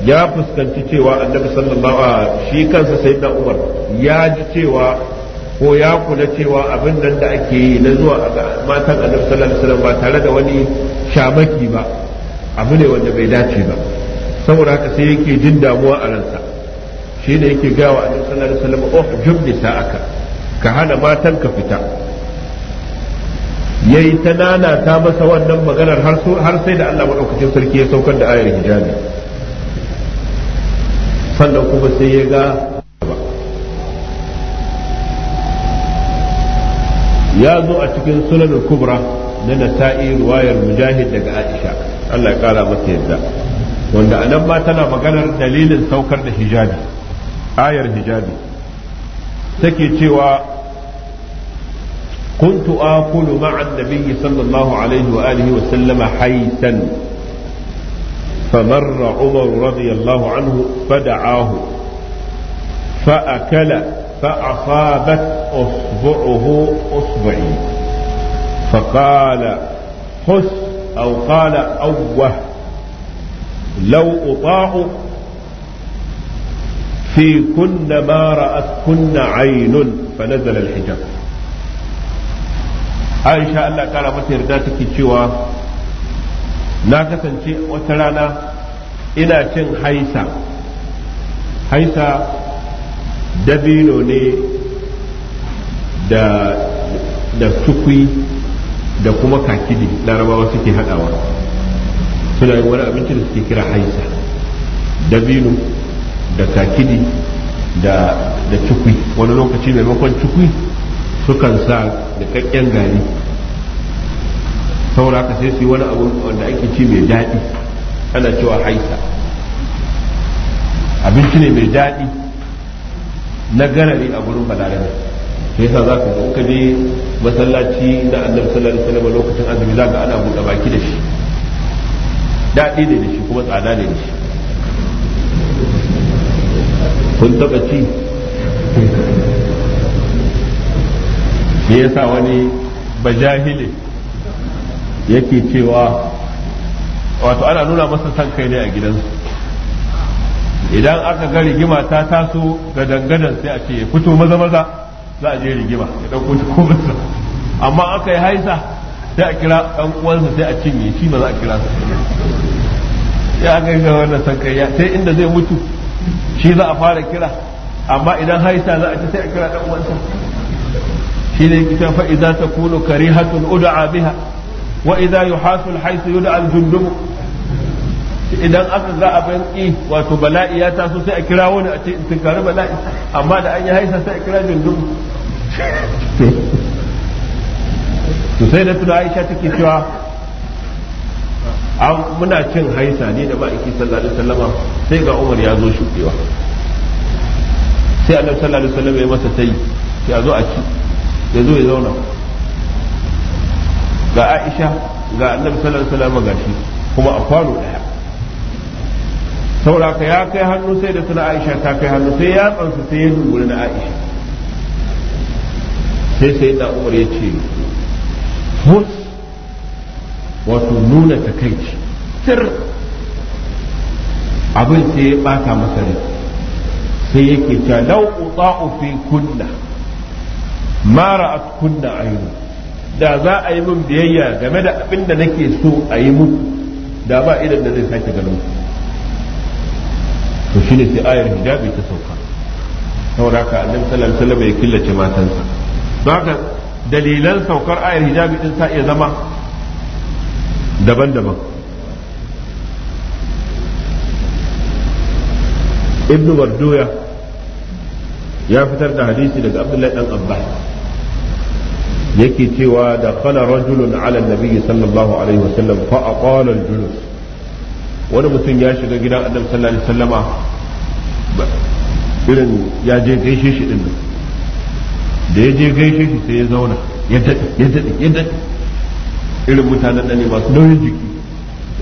ya fuskanci cewa annabi sallallahu alaihi shi kansa sayyidina umar ya ji cewa ko ya kula cewa abin nan da ake yi na zuwa a matan annabi sallallahu alaihi wasallam ba tare da wani shamaki ba abu ne wanda bai dace ba saboda haka sai yake jin damuwa a ransa shi ne yake gawa a nisan alaihi wasallam oh ta sa'aka ka hana matan ka fita yayi ta nana ta masa wannan maganar har sai da Allah madaukakin sarki ya saukar da ayar hijabi sannan kuma sai ya ga ya zo a cikin sunan kubra na nasa'i ruwayar mujahid daga aisha Allah ya kara masa yadda wanda a nan ma tana maganar dalilin saukar da hijabi ayar hijabi take cewa كنت آكل مع النبي صلى الله عليه وآله وسلم حيثا فمر عمر رضي الله عنه فدعاه فأكل فأصابت أصبعه أصبعي فقال خس أو قال أوه Lau uta'u fi kunna ma ra'at kunna aynun fa nazala al Aisha Allah kara mata yarda take cewa na kasance wata rana ina cin haisa haisa dabino ne da da tukwi da kuma kakidi larabawa suke haɗawa suna yin wani abinci da suke kira haisa dabino da kakidi da cukwi cikwi wani lokaci maimakon cikwi sukan sa da kakken gari saboda haka sai su yi wani abu wanda ake ci mai daɗi ana cewa haisa abinci ne mai daɗi na garari a gurin balarin sai yasa za ka ga ka je masallaci na annabi sallallahu alaihi wasallam lokacin azumi za ka ana buɗe baki da shi daɗi ne da shi kuma tsada ne da shi kun taɓa ci me yasa wani bajahile yake cewa wato ana nuna masa san kai ne a gidansu idan aka ga rigima ta taso ga dangadan sai a ce fito maza maza za a je rigima ya ta takobarsa amma aka yi haisa sai a kira ɗan uwansa sai a cinye shi ba za a kira sa ya gaisa wannan sankayya sai inda zai mutu shi za a fara kira amma idan haisa za a ci sai a kira dan uwansa shi ne kitan fa idza takunu karihatun ud'a biha wa idza yuhasu haythu yud'a al-jundub idan aka ga abin ki wato bala'i ya taso sai a kira wani a ce tunkari bala'i amma da an yi haisa sai a kira jundubu [laughs] to sai da tuna Aisha take cewa muna cin haisa ne da ma'aiki sallallahu alaihi wasallama sai ga umar ya zo shuɗewa sai annabi sallallahu alaihi wasallam ya masa sai ya zo a ci ya zo ya zauna ga aisha ga annabi sallallahu alaihi wasallam gashi kuma a kwano daya sauraka ya kai hannu sai da suna aisha ta kai hannu sai ya tsansu sai ya duburi na aisha sai sai da umar ya ce wato nuna takaici sir abin sai ya bata masa rai sai yake ta lau uta'u fi kunna ma ra'at kunna ayu da za a yi min biyayya game da abin da nake so a yi muku da ba idan da zai sake ganin ku to shine sai ayar hijabi ta sauka saboda haka annabi sallallahu alaihi wasallam ya killace matansa don haka dalilan saukar ayar hijabi din sa iya zama daban-daban Ibn bardoya ya fitar da hadisi daga abdullahi dan abbas yake cewa da kala rajulun ala nabi sallallahu alaihi wasallam fa aqala al-julus wani mutum ya shiga gidan annabi sallallahu alaihi wasallama irin ya je gaishe shi din da ya je gaishe shi sai ya zauna ya daɗe ya daɗe ya daɗe irin mutanen da ne masu nauyin jiki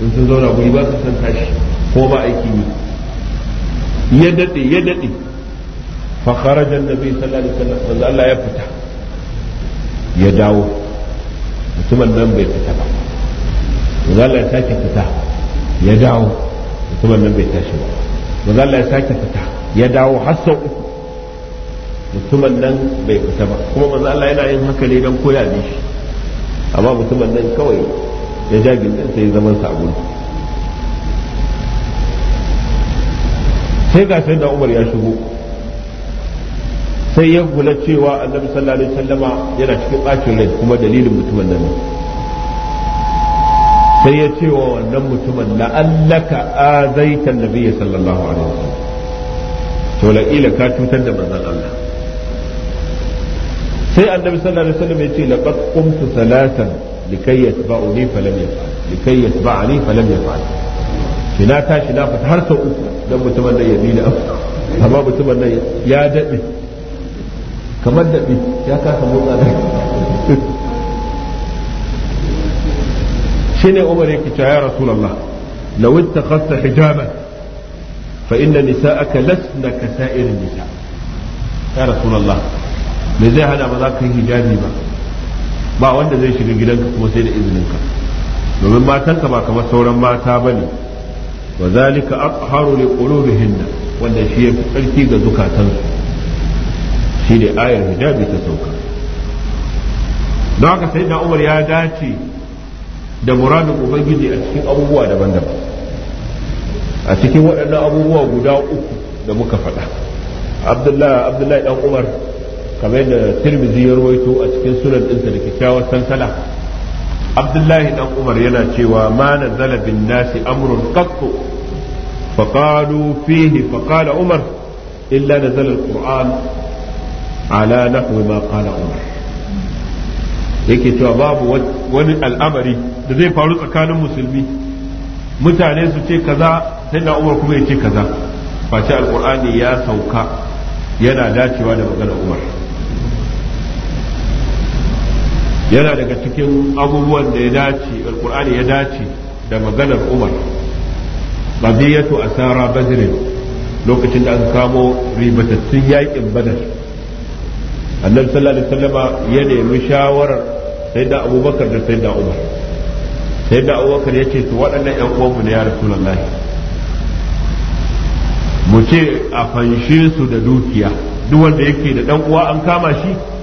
in sun zauna guri ba su san tashi ko ba aiki ne ya daɗe ya daɗe fa kharaja annabi sallallahu alaihi wasallam manzo Allah ya fita ya dawo mutumin nan bai fita ba manzo Allah ya sake fita ya dawo mutumin nan bai tashi ba manzo Allah ya sake fita ya dawo har sau uku mutumin nan bai fita ba kuma manzo Allah yana yin haka ne dan koya ne shi amma mutumin nan kawai ya ja gindin sai zaman sa abun sai ga sai da umar ya shigo sai ya gula cewa annabi sallallahu alaihi yana cikin bacin rai kuma dalilin mutumin nan sai ya ce wa wannan mutumin la'allaka azaita annabiyya sallallahu alaihi wasallam to la'ila ka cutar da manzon Allah sai annabi sallallahu alaihi wasallam ya ce laqad qumtu salatan likay yatba'uni falam yaf'al likay yatba'ani falam yaf'al shi na tashi na fita har sau uku dan mutumin nan ya bi da amma mutumin nan ya dade kamar dade ya kasa motsa da shine umar yake cewa ya rasulullah law ittakhasta hijaba fa inna nisa'aka lasna ka sa'ir nisa ya rasulullah me zai hana ba za ka yi hijabi ba ba wanda zai shiga gidanka kuma sai da izininka domin matanka ba kamar sauran mata ba ne wa zalika aqharu li qulubihinna wanda shi yafi tsarki ga zukatansu shi ne ayar hijabi ta sauka don haka sai da umar ya dace da muradin ubangiji a cikin abubuwa daban-daban a cikin waɗannan abubuwa guda uku da muka faɗa abdullahi Ɗan umar kamar da tirmidhi ya ruwaito a cikin sunan ɗinsa da kyakkyawar sansala abdullahi dan umar yana cewa ma nazala bin nasi amrun qattu فقالوا فيه فقال عمر إلا نزل القرآن على نحو ما قال Umar. yake cewa babu wani al'amari da zai faru tsakanin musulmi mutane su ce kaza sai da umar kuma ya ce kaza face alkur'ani ya sauka yana dacewa da maganar umar yana daga cikin abubuwan da ya dace alkur'ani ya dace da maganar umar qadiyatu asara badr lokacin da an kamo ribatattun yaƙin badar annabi sallallahu alaihi wasallam ya nemi shawarar sayyida abubakar da sayyida umar sayyida abubakar ya ce to waɗannan ƴan mu ne ya rasulullahi mu ce a fanshe su da dukiya duk wanda yake da ɗan uwa an kama shi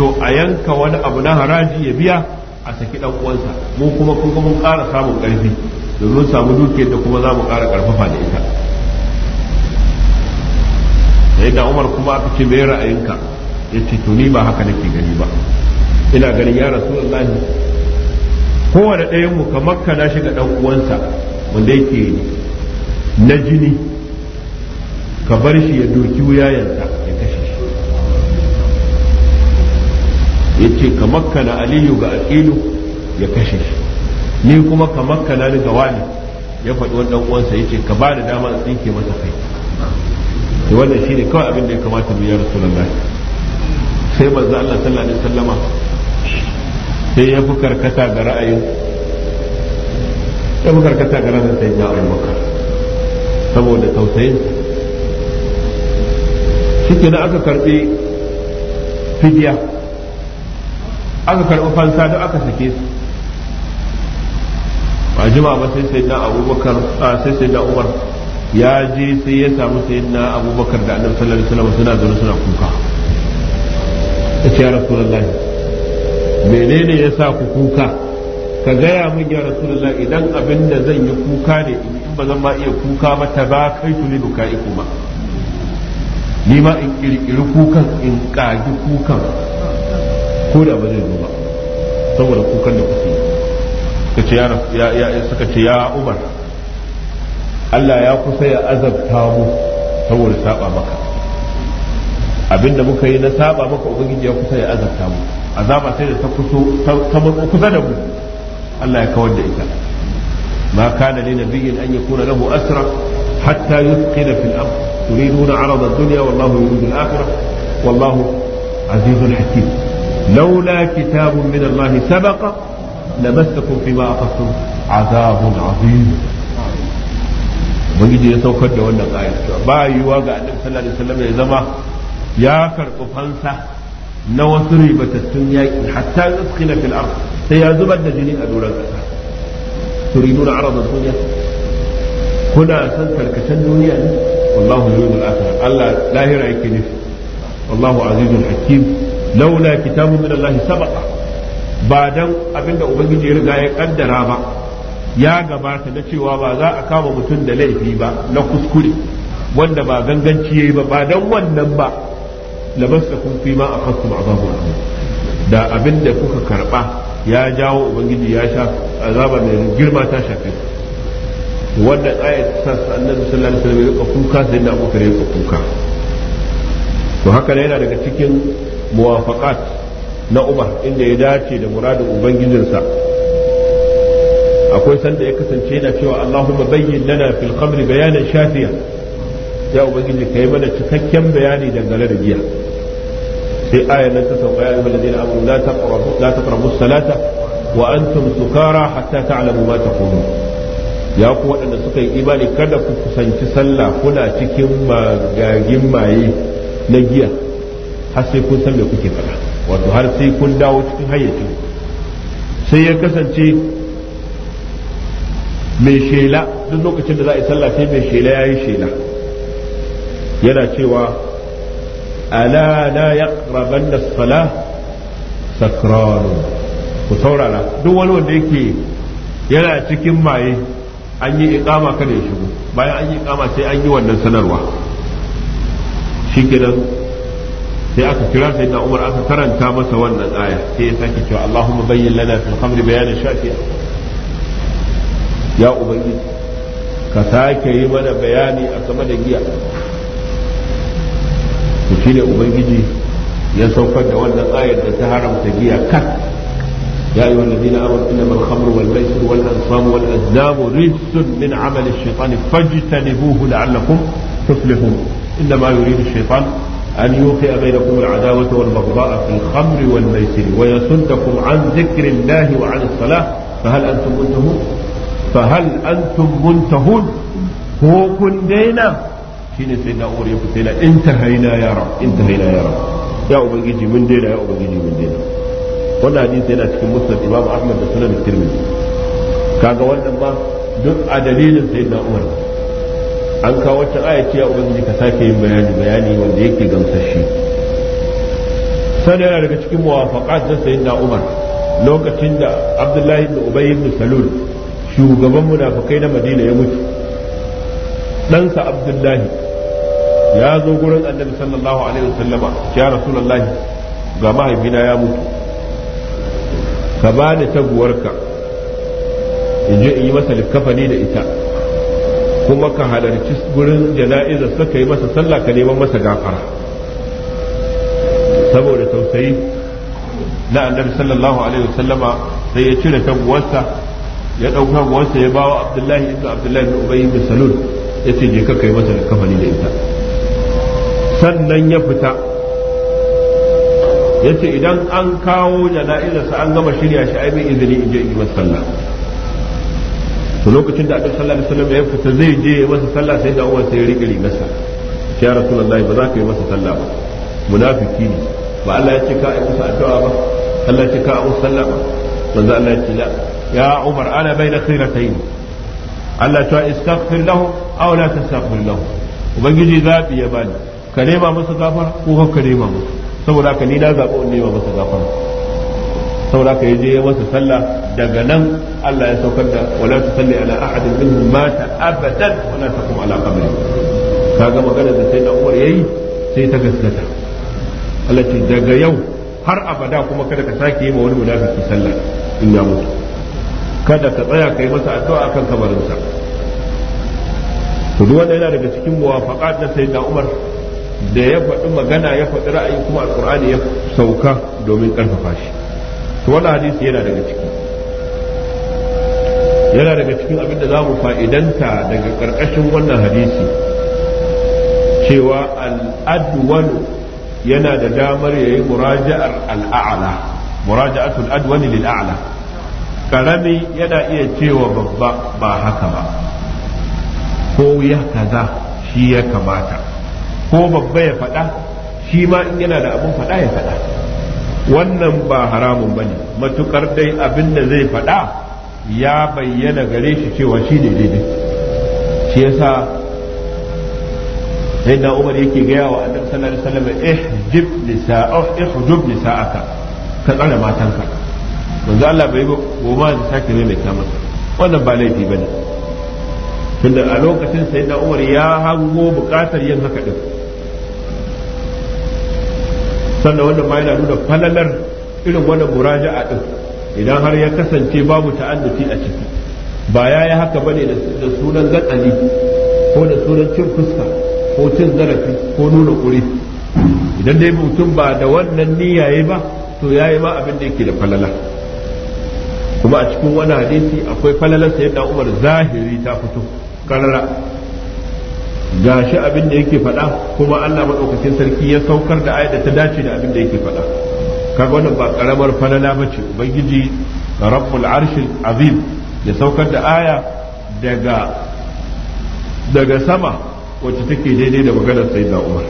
to a yanka wani abu na haraji ya biya a saki dan uwansa mu kuma kun mun ƙara samun ƙarfi domin samu dukiyar da kuma za mu ƙara ƙarfafa da ita sai da Umar kuma aka ce me ra'ayinka ce to ni ba haka nake gani ba ina ganin ya rasu rasulullahi kowane ɗayan mu kamar na shiga dan uwansa wanda yake na jini ka bar shi ya doki wuyayensa ya kashe shi yace ka makkana aliyu ga aqilu ya kashe shi ni kuma ka makkana ni ga wani ya faɗi wani dan uwansa yace ka ba da dama in tsinke masa kai to wannan shine kawai abin da ya kamata mu yi rasulullahi sai manzo Allah sallallahu alaihi wasallama sai ya fi karkata ga ra'ayin ya fi karkata ga ra'ayin sai ya abubakar saboda tausayin shi na aka karbi fidiya aka karɓi fansa duk aka sake su ba jima ba sai sai na abubakar sai sai na umar ya je sai ya samu sai na abubakar da annabi sallallahu alaihi wasallam suna zaune suna kuka ya ce ya rasulullahi menene ya sa ku kuka ka gaya min ya rasulullahi idan abin da zan yi kuka ne in ba zan ma iya kuka ba ta ba kai tuli buka iku ba ni ma in kirkiri kukan in kagi kukan ko da ba zai zo ba saboda kukan da kuke suka ce ya ya suka ce ya Umar Allah ya kusa ya azabta mu saboda saba maka abinda muka yi na saba maka ubangiji ya kusa ya azabta mu azaba sai da ta kuso ta murko kusa da mu Allah ya kawar da ita ma kana li nabiyyin an yakuna lahu asra hatta yusqina fil amr turiduna 'arada ad-dunya wallahu yuridu al-akhirah wallahu azizun hakim لولا كتاب من الله سبق لمسكم فيما أخذتم عذاب عظيم ubangiji ya saukar da wannan ayar ba yiwuwa ga annabi sallallahu alaihi wasallam ya zama ya karɓi fansa na wasu ribatattun yaƙi hatta yuskhina fil ard sai ya zubar da jini a doron ƙasa turiduna aradan dunya kuna san karkashin duniya ne wallahu yuridu al-akhirah Allah lahira yake ne. wallahu azizun hakim laula kitabu min Allah sabaqa ba dan abinda ubangiji ya riga ya kaddara ba ya gabata na cewa ba za a kama mutum da laifi ba na kuskure wanda ba ganganci yayi ba ba dan wannan ba labastakum fi ma akhadtum azabu da abinda kuka karba ya jawo ubangiji ya sha azaba mai girma ta shafe wannan ayat ta annabi sallallahu alaihi wasallam ya kuka sai da Abubakar ya kuka to haka yana daga cikin muwafaqat na Umar inda ya dace da muradin ubangijinsa akwai sanda ya kasance yana cewa Allahumma bayyin lana fil khamri bayanan shafiya ya mana cikakken bayani dangane da giya sai ayar nan ta sauka ya ayyuhal ladina amanu la taqrabu la taqrabu salata wa antum sukara hatta ta'lamu ma taqulun ya ku waɗanda suka yi imani kada ku kusanci sallah kuna cikin magagin maye na giya har sai kun san me kuke faɗa wato har sai kun dawo cikin hayyacin sai ya kasance mai shela duk lokacin da za a yi sallah sai mai shela ya yi shela yana cewa ala la yaqrabanna da salah sakranun ku saurara duk wani wanda yake yana cikin maye an yi iqama kada ya shigo bayan an yi iqama sai an yi wannan sanarwa shi kenan sai aka kira sai da umar aka karanta masa wannan aya sai ya sake cewa Allahumma bayyin lana fil khamri bayanan shafi'a ya ubangiji ka sake yi mana bayani a game da giya to shine ubangiji ya saukar da wannan ayar da ta haramta giya kan يا أيها الذين آمنوا إنما الخمر والميسر والأنصاب والأزلام رجس من عمل الشيطان فاجتنبوه لعلكم تفلحون إنما يريد الشيطان أن يوقع بينكم العداوة والبغضاء في الخمر والميسر ويصدكم عن ذكر الله وعن الصلاة فهل أنتم منتهون فهل أنتم منتهون هو كن دينا شين سيدنا أور يقول انتهينا يا رب انتهينا يا رب يا أبنجي من دينا يا أبنجي من دينا wannan hadisi yana cikin musnad imam ahmad da sunan tirmidhi kaga wannan ba duk a dalilin sayyidina umar an kawo wata aya a ubangiji ka sake yin bayani bayani wanda yake gamsashi. sannan yana daga cikin muwafaqat da sayyidina umar lokacin da abdullahi ibn ubay ibn salul shugaban munafikai na madina ya mutu ɗansa abdullahi ya zo gurin annabi sallallahu alaihi wasallama ya rasulullahi ga mahaifina ya mutu ka bani da taguwarka in je in yi masa likafani da ita kuma ka halarci gurin jana'iza suka yi masa sallah ka neman masa gafara saboda tausayi na annabi sallallahu alaihi wasallama sai ya cire tabuwarsa ya ɗauka tabuwarsa ya bawa abdullahi ibnu abdullahi ibn ubayy bin salul ya ce je ka kai masa kafani da ita sannan ya fita ya ce idan an kawo jana'izarsa an gama shirya shi ai bai izini in je in yi masa sallah to lokacin da annabi sallallahu da wasallam ya fita zai je masa sallah sai da Umar sai ya rike rigarsa ya rasulullahi ba za ka yi masa sallah ba munafiki ne ba Allah ya ce ka yi masa addu'a ba Allah ya ce ka yi sallah ba manzo Allah ya ce la ya Umar ana baina khairatayn Allah ta istaghfir lahu aw la tastaghfir lahu ubangiji zabi ya bani ka nema masa gafara ko ka nema masa saboda haka ni na zabo in nema masa gafara saboda ka je ya masa sallah daga nan Allah ya saukar da wala salli ala ahadin minhum mata abadan wala taqum ala qabri kaga magana da sai da Umar yayi sai ta gaskata Allah ce daga yau har abada kuma kada ka sake yi ma wani munafiki sallah in ya mutu kada ka tsaya kai masa addu'a akan kabarinsa to duk wanda yana daga cikin muwafaqat na sayyidina Umar da ya faɗi magana ya faɗi ra'ayi kuma alqur'ani ya sauka domin karfafa shi to wannan hadisi yana daga ciki yana daga cikin abin da za mu fa'idanta daga ƙarƙashin wannan hadisi cewa al'adwalu yana da damar ya yi muraja'ar al'a'ala muraja'atul adwani lil'a'ala karami yana iya cewa babba ba haka ba ko ya kaza shi ya kamata ko babba ya faɗa shi ma in yana da abin faɗa ya faɗa wannan ba haramun bane matukar dai abin da zai faɗa ya bayyana gare shi cewa shi ne daidai shi yasa sai da umar yake gaya wa eh jib nisa oh eh nisa'ah nisa aka ka tsara matanka manzo Allah bai ba goma da sake mai ta wannan ba laifi bane tunda a lokacin sai da umar ya hango bukatar yin haka din sannan wanda ma yana nuna falalar irin wanda a ɗin idan har ya kasance babu ta'adduti a ciki ba ya yi haka bane da sunan gatsali ko da sunan cin fuska ko cin zarafi ko nuna ƙuri? idan dai mutum ba da wannan niyyaye ba to ya yi ma abin da yake da falala kuma a cikin wani hadisi akwai falalar sayyidina Umar zahiri ta fito karara gashi abin da yake faɗa kuma Allah maɗaukakin sarki ya saukar da aya da ta dace da abin da yake faɗa kaga wannan ba karamar falala bace ubangiji rabbul arshil azim ya saukar da aya daga daga sama wacce take daidai da maganar sai da Umar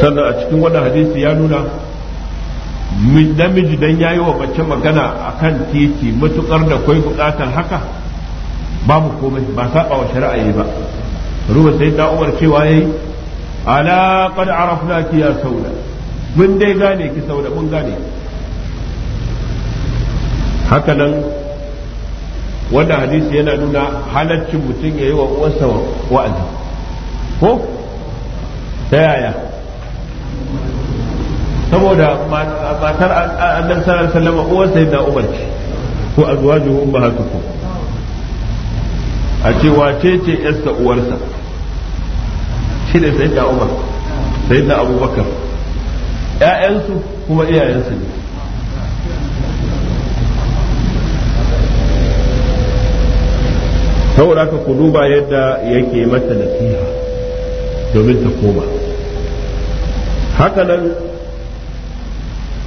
sannan a cikin wannan hadisi ya nuna namiji dan yayi wa mace magana akan titi matukar da kwai bukatar haka babu komai ba saba wa shari'a ba ruwa sai da umar cewa yayi ala qad arafna ki ya sauda mun dai gane ki sauda mun gane haka nan wanda hadisi yana nuna halaccin mutum yayi wa uwarsa wa'azi ko ta yaya saboda matar annabi sallallahu alaihi wasallam uwarsa da umar ko azwajuhu ummahatukum a ce wace ce yarsa uwarsa shi ne sai da umar sai da abubakar ‘ya'yansu kuma iyayensu ne ta ka ku duba yadda yake mata nasiha domin ta koma hakanan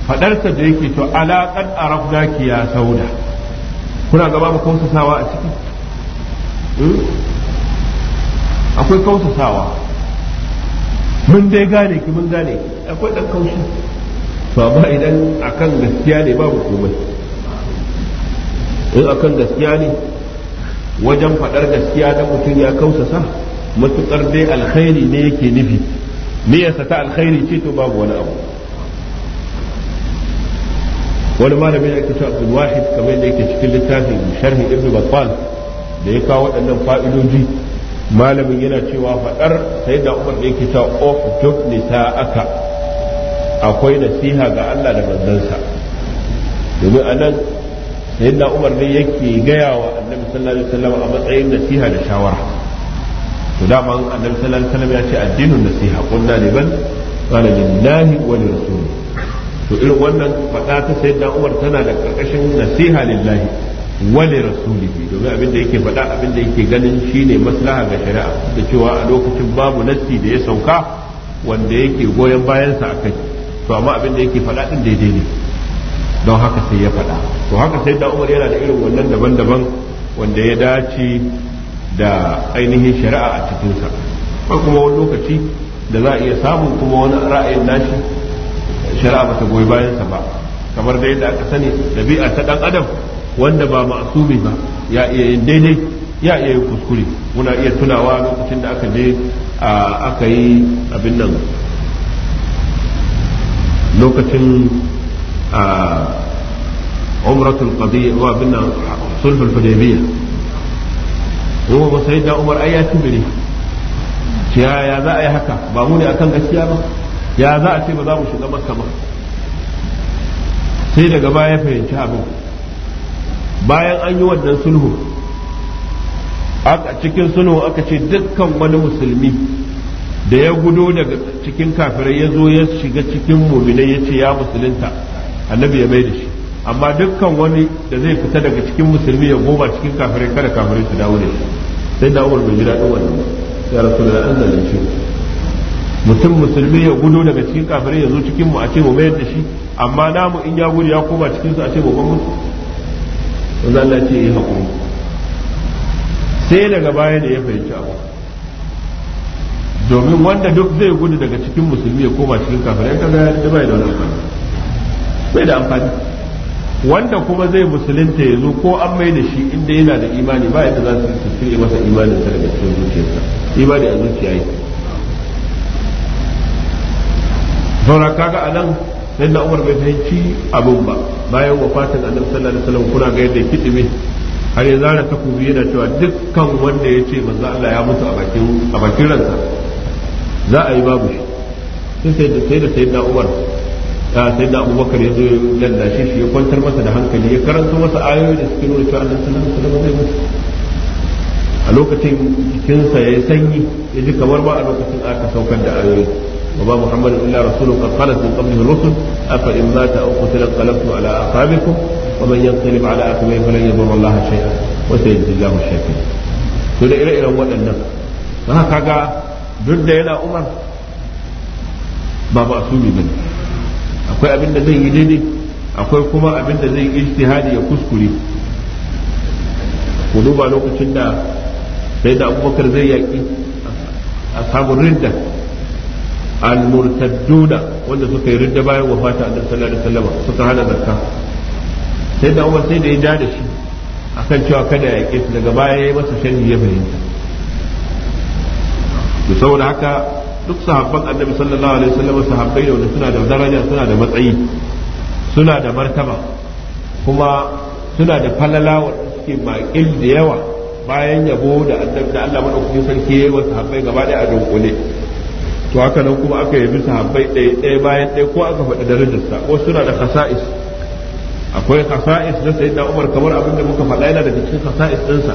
faɗarsa da yake to alaƙar arabnaki ya sauda kuna gaba ba a ciki Hmm? akwai kausasawa mun dai gane ki mun gane ki akwai dan kaushi to amma idan akan gaskiya ne babu komai in akan gaskiya ne wajen faɗar gaskiya da mutum ya kausasa matuƙar dai alkhairi ne yake nufi yasa ta alkhairi ce to babu wani abu wani malami da yake cewa abdul wahid kamar yake cikin littafin sharhi ibnu battal da ya kawo waɗannan fa'idoji malamin yana cewa faɗar sai da umar da yake cewa of duk nisa aka akwai nasiha ga Allah da manzansa domin anan sai da umar ne yake gaya wa annabi sallallahu alaihi wasallam a matsayin nasiha da shawara to da dama annabi sallallahu alaihi wasallam ya ce addinin nasiha qulna liman qala lillahi wa lirasuli to irin wannan faɗa ta sayyidina umar tana da karkashin nasiha lillahi rasuli bi domin abin da yake faɗa abin da yake ganin shine maslaha ga shari'a da cewa a lokacin babu nassi da ya sauka wanda yake goyon bayansa a kai to amma abin da yake faɗa din daidai ne don haka sai ya faɗa to haka sai da umar yana da irin wannan daban-daban wanda ya dace da ainihin shari'a a cikinsa ko kuma wani lokaci da za a iya samun kuma wani ra'ayin nashi shari'a ba ta goyi bayansa ba kamar da yadda aka sani ɗabi'a ta ɗan adam wanda ba ma'asumi ba ya iya yin daidai ya iya yin kuskure muna iya tunawa lokacin da aka je aka yi abin nan lokacin umratul qadiyya wa abin nan sulhul hudaybiyya ko ba sai da umar ai ya ya za a yi haka ba mu ne akan gaskiya ba ya za a ce ba za mu shiga makka ba sai daga baya fahimci abin bayan an yi wannan sulhu a cikin sulhu aka ce dukkan wani musulmi da ya gudo daga cikin kafirai ya zo ya shiga cikin muminai ya ce ya musulunta annabi ya maida da shi amma dukkan wani da zai fita daga cikin musulmi ya goma cikin kafirai kada kafirai su dawo da shi sai da umar bai jira daɗin sai ya rasu an zalle shi mutum musulmi ya gudo daga cikin kafirai ya zo cikin mu a ce mu mayar da shi amma namu in ya gudu ya koma cikin su a ce mu ban wanzu Allah ce yi haƙuri sai daga baya da ya fahimci abu domin wanda duk zai gudu daga cikin musulmi ya koma cikin ya kaga da bai da wani amfani bai da amfani wanda kuma zai musulunta ya zo ko an mai da shi inda yana da imani ba yadda za su tsire masa imanin sa daga cikin zuciyarsa imani a zuciya yi saura kaga nan sai na umar bai ci abin ba bayan wafatin annabi sallallahu alaihi wasallam kuna ga yadda kidime har ya zara kubi yana cewa dukkan wanda ya ce manzo Allah ya mutu a bakin a bakin ransa za a yi babu shi sai da sai da sayyidina umar sai da abubakar ya zo ya lallashe shi ya kwantar masa da hankali ya karanta masa ayoyi da suke nuna cewa a sallallahu alaihi wasallam zai mutu a lokacin jikinsa ya yi sanyi ya ji kamar ba a lokacin aka saukar da ayoyi وما محمد إلا رسول قد خلت من قبله الرسل أفإن مات أو قتل انقلبتم على أعقابكم ومن ينقلب على عقبيه فلن يضر الله شيئا وسيجزي الله الشاكرين to da ire-iren waɗannan don haka ga duk da yana umar ba ba su ba ne akwai abin da zai yi daidai akwai kuma abin da zai ijtihadi ya kuskure ku duba lokacin da sai da abubakar zai yaki a sabon almurtadduna wanda suka yi ridda bayan wafata annabi sallallahu alaihi wasallam suka hana zakka sai da Umar sai da ya da shi akan cewa kada ya yake daga baya yayi masa sharhi ya fahimta to saboda haka duk sahabban annabi sallallahu alaihi wasallam sahabbai ne wanda suna da daraja suna da matsayi suna da martaba kuma suna da falala wanda suke makil da yawa bayan yabo da annabi da Allah madaukakin sarki yayi wa sahabbai gaba da a dunkule to haka nan kuma aka yi bisa sahabbai ɗaya ɗaya bayan ɗaya ko aka faɗi darajarsa ko suna da khasa'is akwai khasa'is na da Umar kamar abin da muka faɗa yana daga cikin khasa'is ɗinsa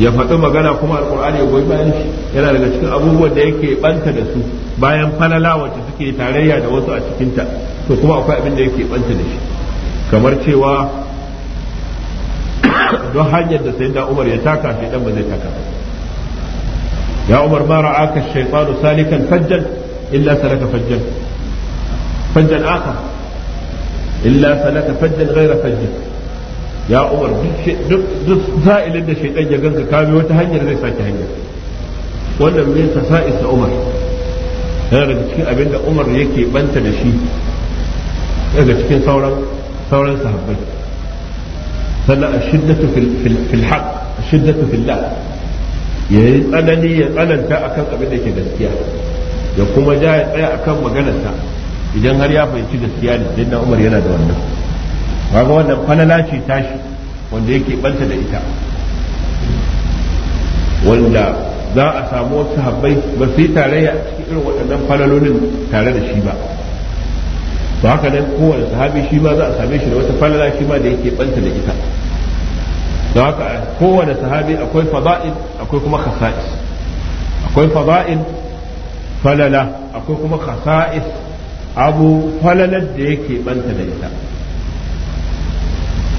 ya faɗi magana kuma alƙur'ani ya goyi bayan shi yana daga cikin abubuwan da yake banta da su bayan falala wacce suke tarayya da wasu a cikinta to kuma akwai abin da yake banta da shi kamar cewa [coughs] don hanyar da sai da umar ya taka shi dan ba zai taka ya umar ma ra'aka shaytanu salikan fajjan illa salaka fajjan fajjan akhar illa salaka fajjan ghayra fajjan ya umar duk sa'ilin da shaitan ya ganka kame wata hanyar zai sake hanyar wannan mai ta umar yana daga cikin abin umar yake banta da shi daga cikin sauran sauran sahabbai a shiddatu fil ya yi tsanani ya tsananta a kan abin da ke gaskiya ya kuma ja ya tsaya a kan maganarsa idan har ya fahimci gaskiya ne sai na umar yana da wannan ga wannan fanala ce tashi wanda yake banta da ita wanda za a samu wasu habbai ba su yi tarayya a cikin irin waɗannan falalolin tare da shi ba ba haka nan kowane sahabi shi ma za a same shi da wata falala shi ma da yake banta da ita don haka kowane sahabi akwai fada'il akwai kuma khasa'is akwai fada'il falala akwai kuma khasa'is abu falalar da yake banta da ita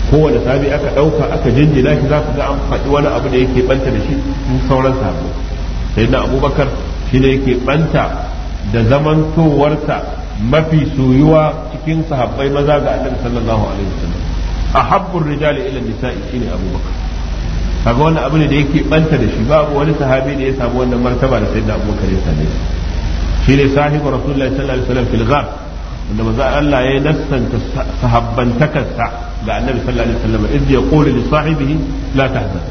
kowane sahabi aka ɗauka aka jinjina shi za su ga an faɗi wani abu da yake banta da shi in sauran sahabi sai na abubakar shi ne yake banta da zamantowarsa mafi soyuwa cikin sahabbai maza ga annabi sallallahu alaihi wasallam ahabbur rijali ila nisa'i shine abubakar kaga wannan abu ne da yake banta da shi babu wani sahabi da ya samu wannan martaba da sayyidina abubakar ya same shi shine sahibu rasulullahi sallallahu alaihi wasallam fil ghar wanda manzo Allah ya nassanta sahabbantakarsa ga annabi sallallahu alaihi wasallam idh yaqulu li sahibihi la tahzan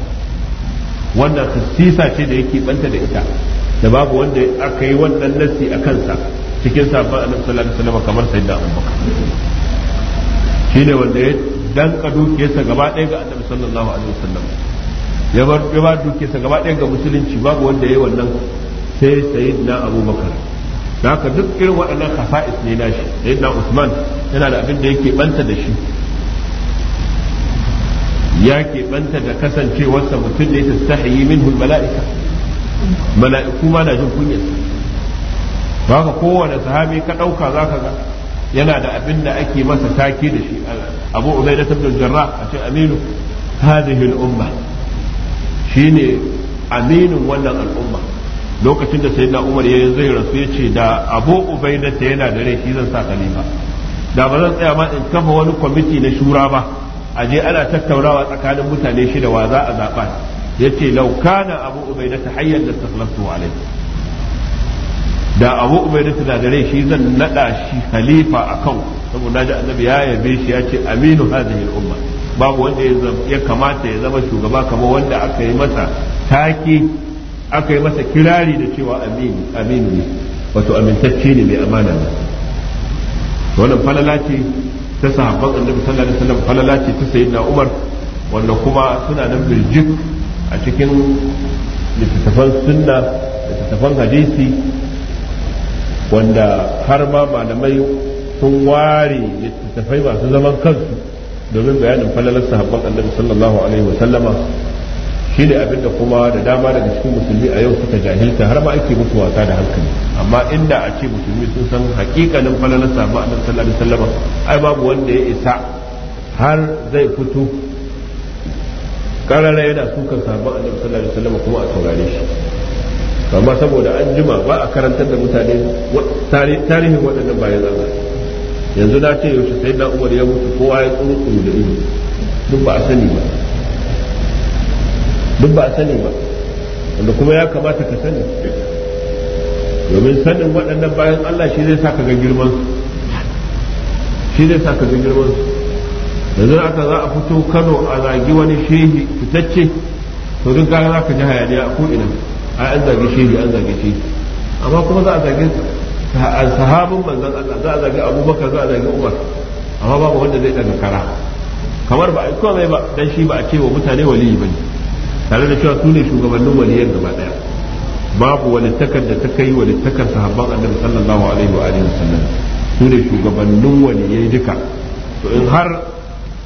wannan sisa ce da yake banta da ita da babu wanda aka yi wannan nassi a kansa cikin sahabban annabi sallallahu alaihi wasallam kamar sayyidina abubakar shine wanda ya danka dukiyarsa gaba ɗaya ga annabi sallallahu alaihi wasallam ya bar ya ba dukiyarsa gaba ɗaya ga musulunci babu wanda yayi wannan sai sayyidina abubakar da haka duk irin waɗannan khasa'is ne na shi. sayyidina usman yana da abin da yake banta da shi ya ke banta da kasancewarsa mutum da ya tastahiyi minhu mala'ika mala'iku ma na jin kunyarsa ba ka kowane sahabi ka ɗauka za ka ga yana da abin da ake masa take da shi abu ubaida ibn jarra a ce aminu hadhihi al shi ne aminin wannan al'umma lokacin da sayyidina umar ya zai rasu ya ce da abu ubaida ta yana da rai shi zan sa Kalifa da ba zan tsaya ma in kafa wani kwamiti na shura ba a je ana tattaunawa tsakanin mutane shida wa za a zaɓa ya ce laukana abu ubaida ta hayyar da tasalastu alaihi da abu ubaidatu da dare shi zan nada shi khalifa a kan saboda ji annabi ya yabe shi ya ce aminu hadhihi al-umma babu wanda ya kamata ya zama shugaba kamar wanda aka yi masa taki aka yi masa kirari da cewa aminu aminu ne wato amintacce ne mai amana ne wannan falala ce ta sahabban annabi sallallahu alaihi wasallam falala ce ta sayyidina umar wanda kuma suna nan birjik a cikin littattafan sunna littattafan hadisi wanda har ma malamai sun ware littattafai masu zaman kansu domin bayanin falalar sahabban annabi sallallahu alaihi wasallama shi ne abin da kuma da dama daga cikin musulmi a yau suka jahilta har ma ake musu wasa da hankali amma inda a ce musulmi sun san hakikanin falalar sahabban annabi sallallahu alaihi wasallama ai babu wanda ya isa har zai fito kararra yana sukan sahabban annabi sallallahu alaihi wasallama kuma a saurare shi amma saboda an jima ba a karantar da mutane tarihin waɗannan bayan Allah yanzu na ce yaushe sai na umar ya mutu kowa ya tsuru tsuru da ido duk ba a sani ba duk ba a sani ba wanda kuma ya kamata ka sani domin sanin waɗannan bayan Allah shi zai sa ka ga girman shi zai sa ka ga girman yanzu aka za a fito Kano a zagi wani shehi fitacce to duk gara za ka ji hayaniya a ko'ina a an zage shehi an zage shi amma kuma za a zage sahabin manzan Allah za a zage abubakar za a zage umar amma babu wanda zai daga kara kamar ba a yi komai ba dan shi ba a ce wa mutane waliyi bane tare da cewa su ne shugabannin waliyan gaba daya babu walittakar da ta kai walittakar sahabban annabi sallallahu alaihi wa alihi wasallam su ne shugabannin waliyai duka to in har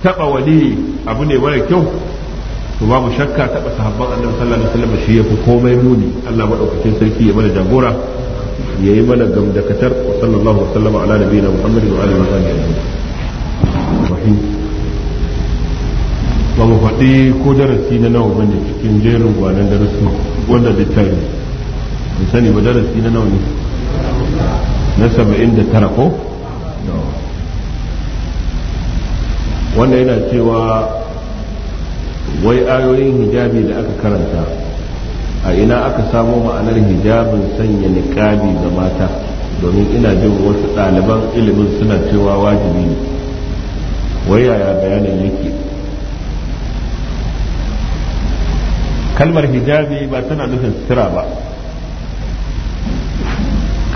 taba waliyi abu ne mara kyau to babu shakka taɓa sahabban annabi sallallahu alaihi wasallam shi yafi komai muni Allah madaukakin sarki ya mana jagora ya yi mana gamdakatar wa sallallahu wasallam ala nabiyina muhammadin wa alihi wa sahbihi ba mu faɗi ko darasi na nawa bane cikin jerin gwanan darasi wanda littafi ban sani ba darasi na nawa ne na saba'in da tara ko wanda yana cewa wai ayoyin hijabi da aka karanta a ina aka samo ma'anar hijabin sanya niƙabi ga mata domin ina jin wasu ɗaliban ilimin suna cewa wajibi ne wai yaya bayanin yake kalmar hijabi ba tana nufin sutura ba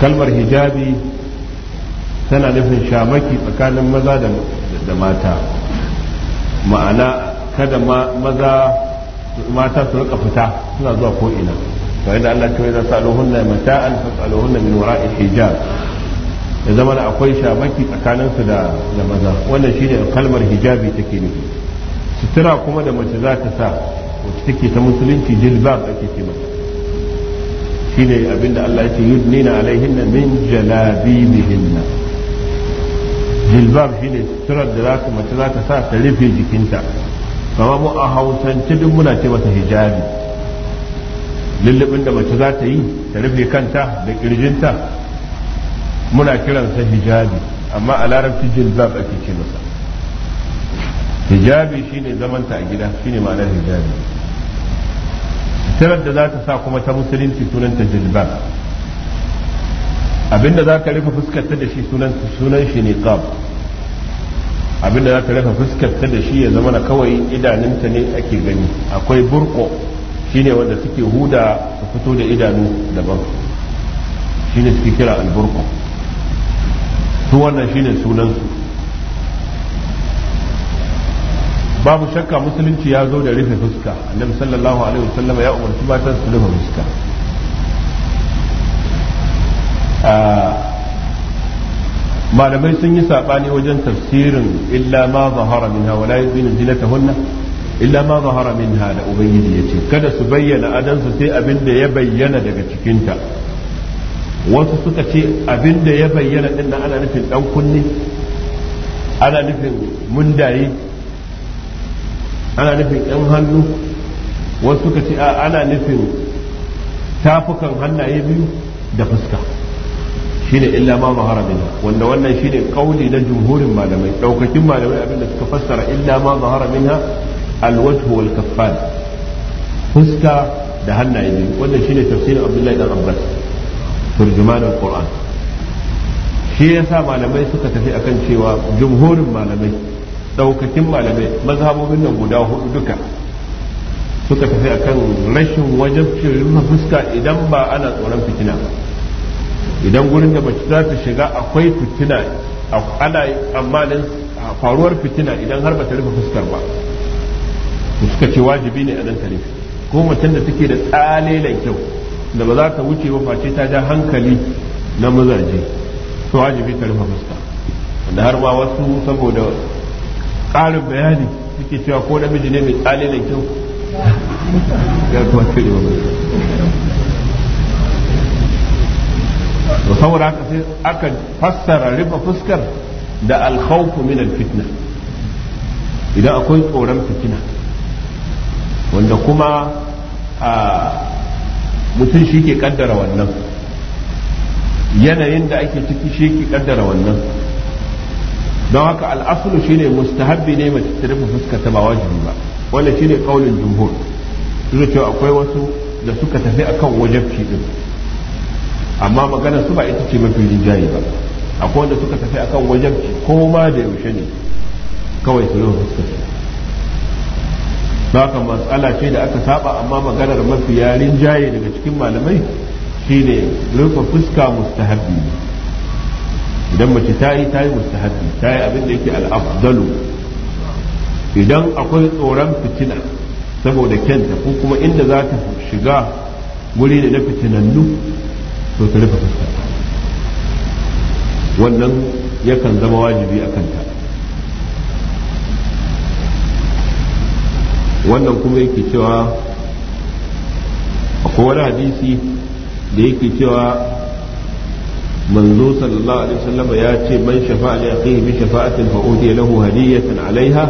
kalmar hijabi tana nufin shamaki tsakanin maza da mata ma'ana kada maza mata su rika fita suna zuwa ko ina kamar da Allah ta yi zasa aluhunna mata'an fasaluhunna min wara'il hijab ya zama da akwai shabaki tsakanin su da maza wannan shine kalmar hijabi take nufi sutura kuma da mace za ta sa wacce take ta musulunci jilbab ake ce mata shine abinda Allah ya ce yudnina alaihinna min jalabibihinna jilbab shine suturar da za ta mace za ta sa ta rufe jikinta kama mu a hausance duk muna ce masa hijabi lullubin da mace za ta yi ta rufe kanta da kirjinta muna kiransa hijabi amma a larabci jilbab ake ce masa hijabi shine zamanta a gida shine ma'anar hijabi sitirar da za ta sa kuma ta musulunci sunanta jilbab abinda za ka rufe fuskarta da shi sunan shi ne kab abinda za ta rufe fuskarta da shi ya zama na kawai idanunta ne ake gani akwai burko shine wanda suke huda su fito da idanu daban shine suke kira alburko su wannan shine sunansu babu shakka musulunci ya zo da rufe fuska annabi sallallahu alaihi wasallam ya umarci matan su rufe fuska ah, malamai sun yi saɓani wajen tafsirin illa ma zahara minha wala yuzina zinatahunna illa ma zahara minha da ubangiji yace kada su bayyana adansu sai abin da ya bayyana daga cikinta wasu suka ce abin da ya bayyana din nan ana nufin dan kunni ana nufin mundaye ana nufin yan hannu wasu suka ce ana nufin tafukan hannaye biyu da fuska shine illa ma zahara minha wanda wannan shine kauli na jumhurin malamai daukakin malamai abinda suka fassara illa ma zahara minha alwajh wal kaffan fuska da hannaye biyu wannan shine tafsirin abdullahi dan abbas turjuman alquran shi yasa malamai suka tafi akan cewa jumhurin malamai daukakin malamai mazhabobin nan guda hudu duka suka tafi akan rashin wajabcin rufe fuska idan ba ana tsoron fitina ba idan gurin da mace za ta shiga akwai fitina ana amma ne faruwar fitina idan har ba ta rufe fuskar ba suka ce wajibi ne a nan ta rufe ko mutum da take da tsalelan kyau da ba za ta wuce ba face ta ja hankali na mazaje to wajibi ta rufe fuska da har ma wasu saboda ƙarin bayani suke cewa ko namiji ne mai tsalelan kyau ya kuma ce wa to saboda haka sai aka fassara rufe fuskar da alkhawfu min alfitna idan akwai tsoron fitina wanda kuma a mutum shi ke kaddara wannan yanayin da ake ciki shi ke kaddara wannan don haka al'asulu ne mustahabbi ne mace ta rufe fuska ta ba wajibi ba wanda ne kaulin jumhur su cewa akwai wasu da suka tafi akan wajabci din amma magana su ba ita ce mafi rinjaye ba akwai wanda suka tafi akan wajen koma da yaushe ne kawai su rufe ba ka matsala ce da aka saba amma maganar mafi yarin jaye daga cikin malamai shine rufe fuska mustahabbi idan mace ta yi ta yi mustahabbi ta yi abin da yake al'afdalu idan akwai tsoron fitina saboda kenta ko kuma inda za ta shiga wuri da na fitinannu to ta rufe fuska wannan yakan zama wajibi a kanta wannan kuma yake cewa akwai wani hadisi da yake cewa manzo sallallahu alaihi wasallam ya ce man shafa'a li akhihi bi shafa'atin fa udiya lahu hadiyatan alaiha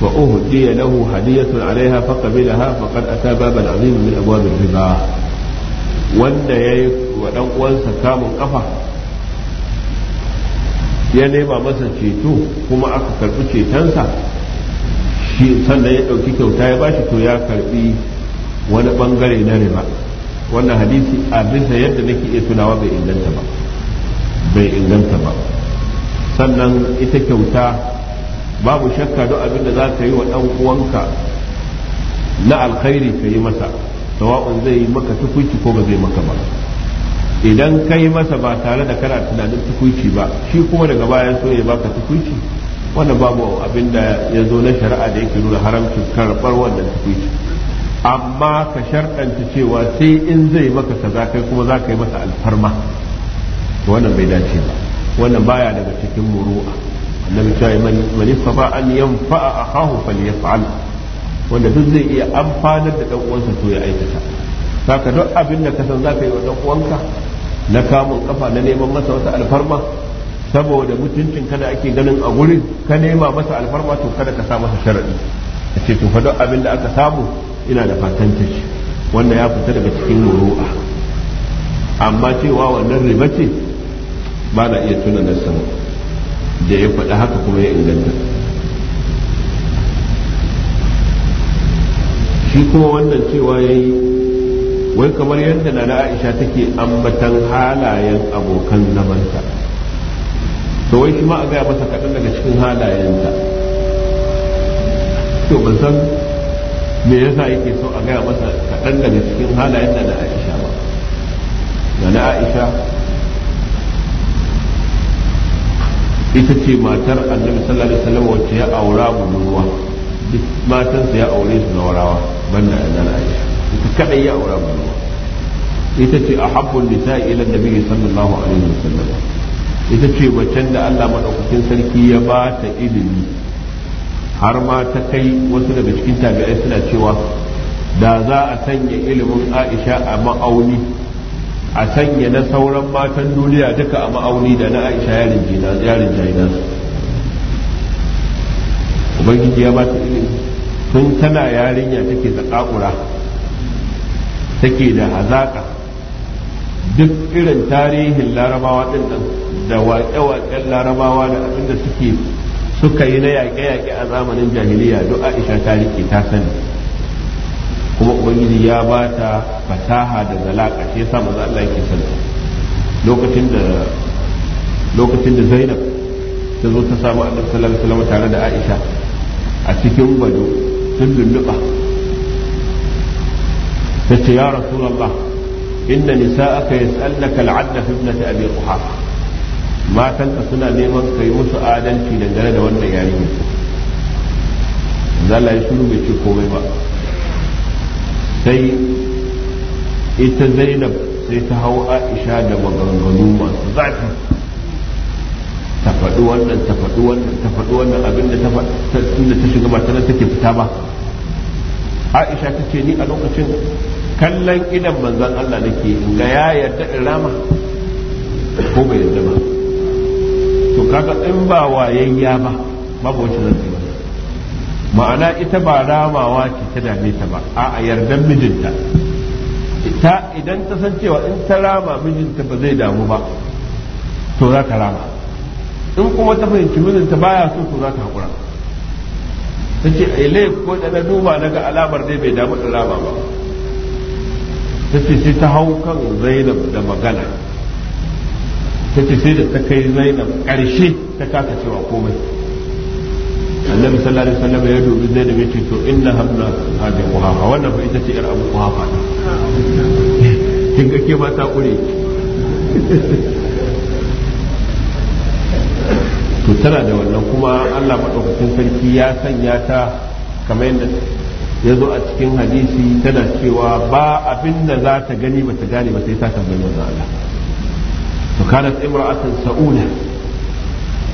fa uhdiya lahu hadiyatan alaiha fa qabilaha faqad ata baban azim min abwab ar-riba wanda ya yi wa ɗan uwansa kamun kafa ya nema masa ceto kuma aka karɓi cetonsa shi sannan ya ɗauki kyauta ya bashi to ya karɓi wani ɓangare na riba wannan hadisi a bisa yadda nake iya tunawa bai inganta ba bai inganta ba sannan ita kyauta babu shakka duk abin da za ka yi wa ɗan uwanka na alkhairi ka yi masa sawa'un zai yi maka tukunci ko ba zai maka ba idan kai masa ba tare da kana tunanin tukunci ba shi kuma daga baya so ya baka tukunci wanda babu abin da ya zo na shari'a da yake nuna haramcin karɓar wannan tukunci amma ka sharɗanta cewa sai in zai maka kaza kai kuma za ka yi masa alfarma wannan bai dace ba wannan baya daga cikin muru'a annabi mani fa ba an yanfa'a akahu falyaf'al wanda duk zai iya amfanar da dan uwansa to ya aikata saka duk abin da ka san zaka yi wa dan uwanka na kamun kafa na neman masa wata alfarma saboda mutuncin kada ake ganin a gurin ka nema masa alfarma to kada ka sa masa sharadi a ce to fa duk abin da aka samu ina da fatan shi wanda ya fita daga cikin ruwa amma cewa wannan riba ce ba na iya tuna sama da ya faɗi haka kuma ya inganta shi kuma wannan cewa ya yi wai kamar yadda na aisha take ambatan halayen abokan zamanta to wai shi ma a gaya masa kaɗan daga cikin halayenta to ban san me yasa yake so a gaya masa kaɗan daga cikin halayen da na aisha ba da na aisha ita ce matar annabi sallallahu alaihi wasallam wacce ya aura budurwa duk matansa ya aure su zawarawa banda a nan aisha ita kadai ya aura ba ita ce a habbun nisa ila nabi sallallahu alaihi wasallam ita ce macen da Allah madaukakin sarki ya ba ta ilimi har ma ta kai wasu daga cikin tabi'ai suna cewa da za a sanya ilimin Aisha a ma'auni a sanya na sauran matan duniya duka a ma'auni da na Aisha ya rinjina ya rinjina ubangiji ya ba ilimi tun tana yarinya take zakakura take da hazaka duk irin tarihin larabawa din nan da waƙe-waƙen larabawa da abinda suke suka yi na yaƙe-yaƙe a zamanin jahiliya duk aisha ta rike ta sani kuma ubangiji ya ba fasaha da zalaka shi yasa maza Allah yake sani lokacin da lokacin da Zainab ta zo ta samu Annabi sallallahu alaihi wasallam tare da Aisha a cikin gwado sun lulluɓa ta ce ya rasulallah inna nisa'aka yas'alnaka al'adna fi ibnati abi quhafa ka suna neman kai musu adalci dangane da wannan yarinya zalla ya shiru bai ce komai ba sai ita zainab sai ta hau aisha da maganganu masu zafi ta faɗi wannan ta faɗi wannan ta faɗi wannan abin da ta shiga ba ta take fita ba aisha ta ce ni a lokacin kallon idan manzon Allah nake in ga ya yarda in rama ko bai yarda ba to kaga in ba ya ba babu wacce zan ba ma'ana ita ba ramawa ce ta dame ta ba a a yardan mijinta ita idan ta san cewa in ta rama mijinta ba zai damu ba to za ta rama in kuma ta fahimci mijinta baya so to za ta hakura ta ce a ilai ko da na duba na ga alamar dai bai damu da raba ba ta ce sai ta hau kan zainab da magana ta ce sai da ta kai zainab ƙarshe ta kasa cewa komai annabi sallallahu alaihi wasallam ya dubi zainab ya ce to inna habna hadi kuhafa wannan fa ita ce yar abu ta. [laughs] kin ga ke ba ta kure [laughs] to tana da wannan kuma Allah madaukakin sarki ya sanya ta kamar yadda ya zo a cikin hadisi tana cewa ba abin da za ta gani ba ta gane ba sai ta tambayi manzo Allah to kanat imra'atan sa'ula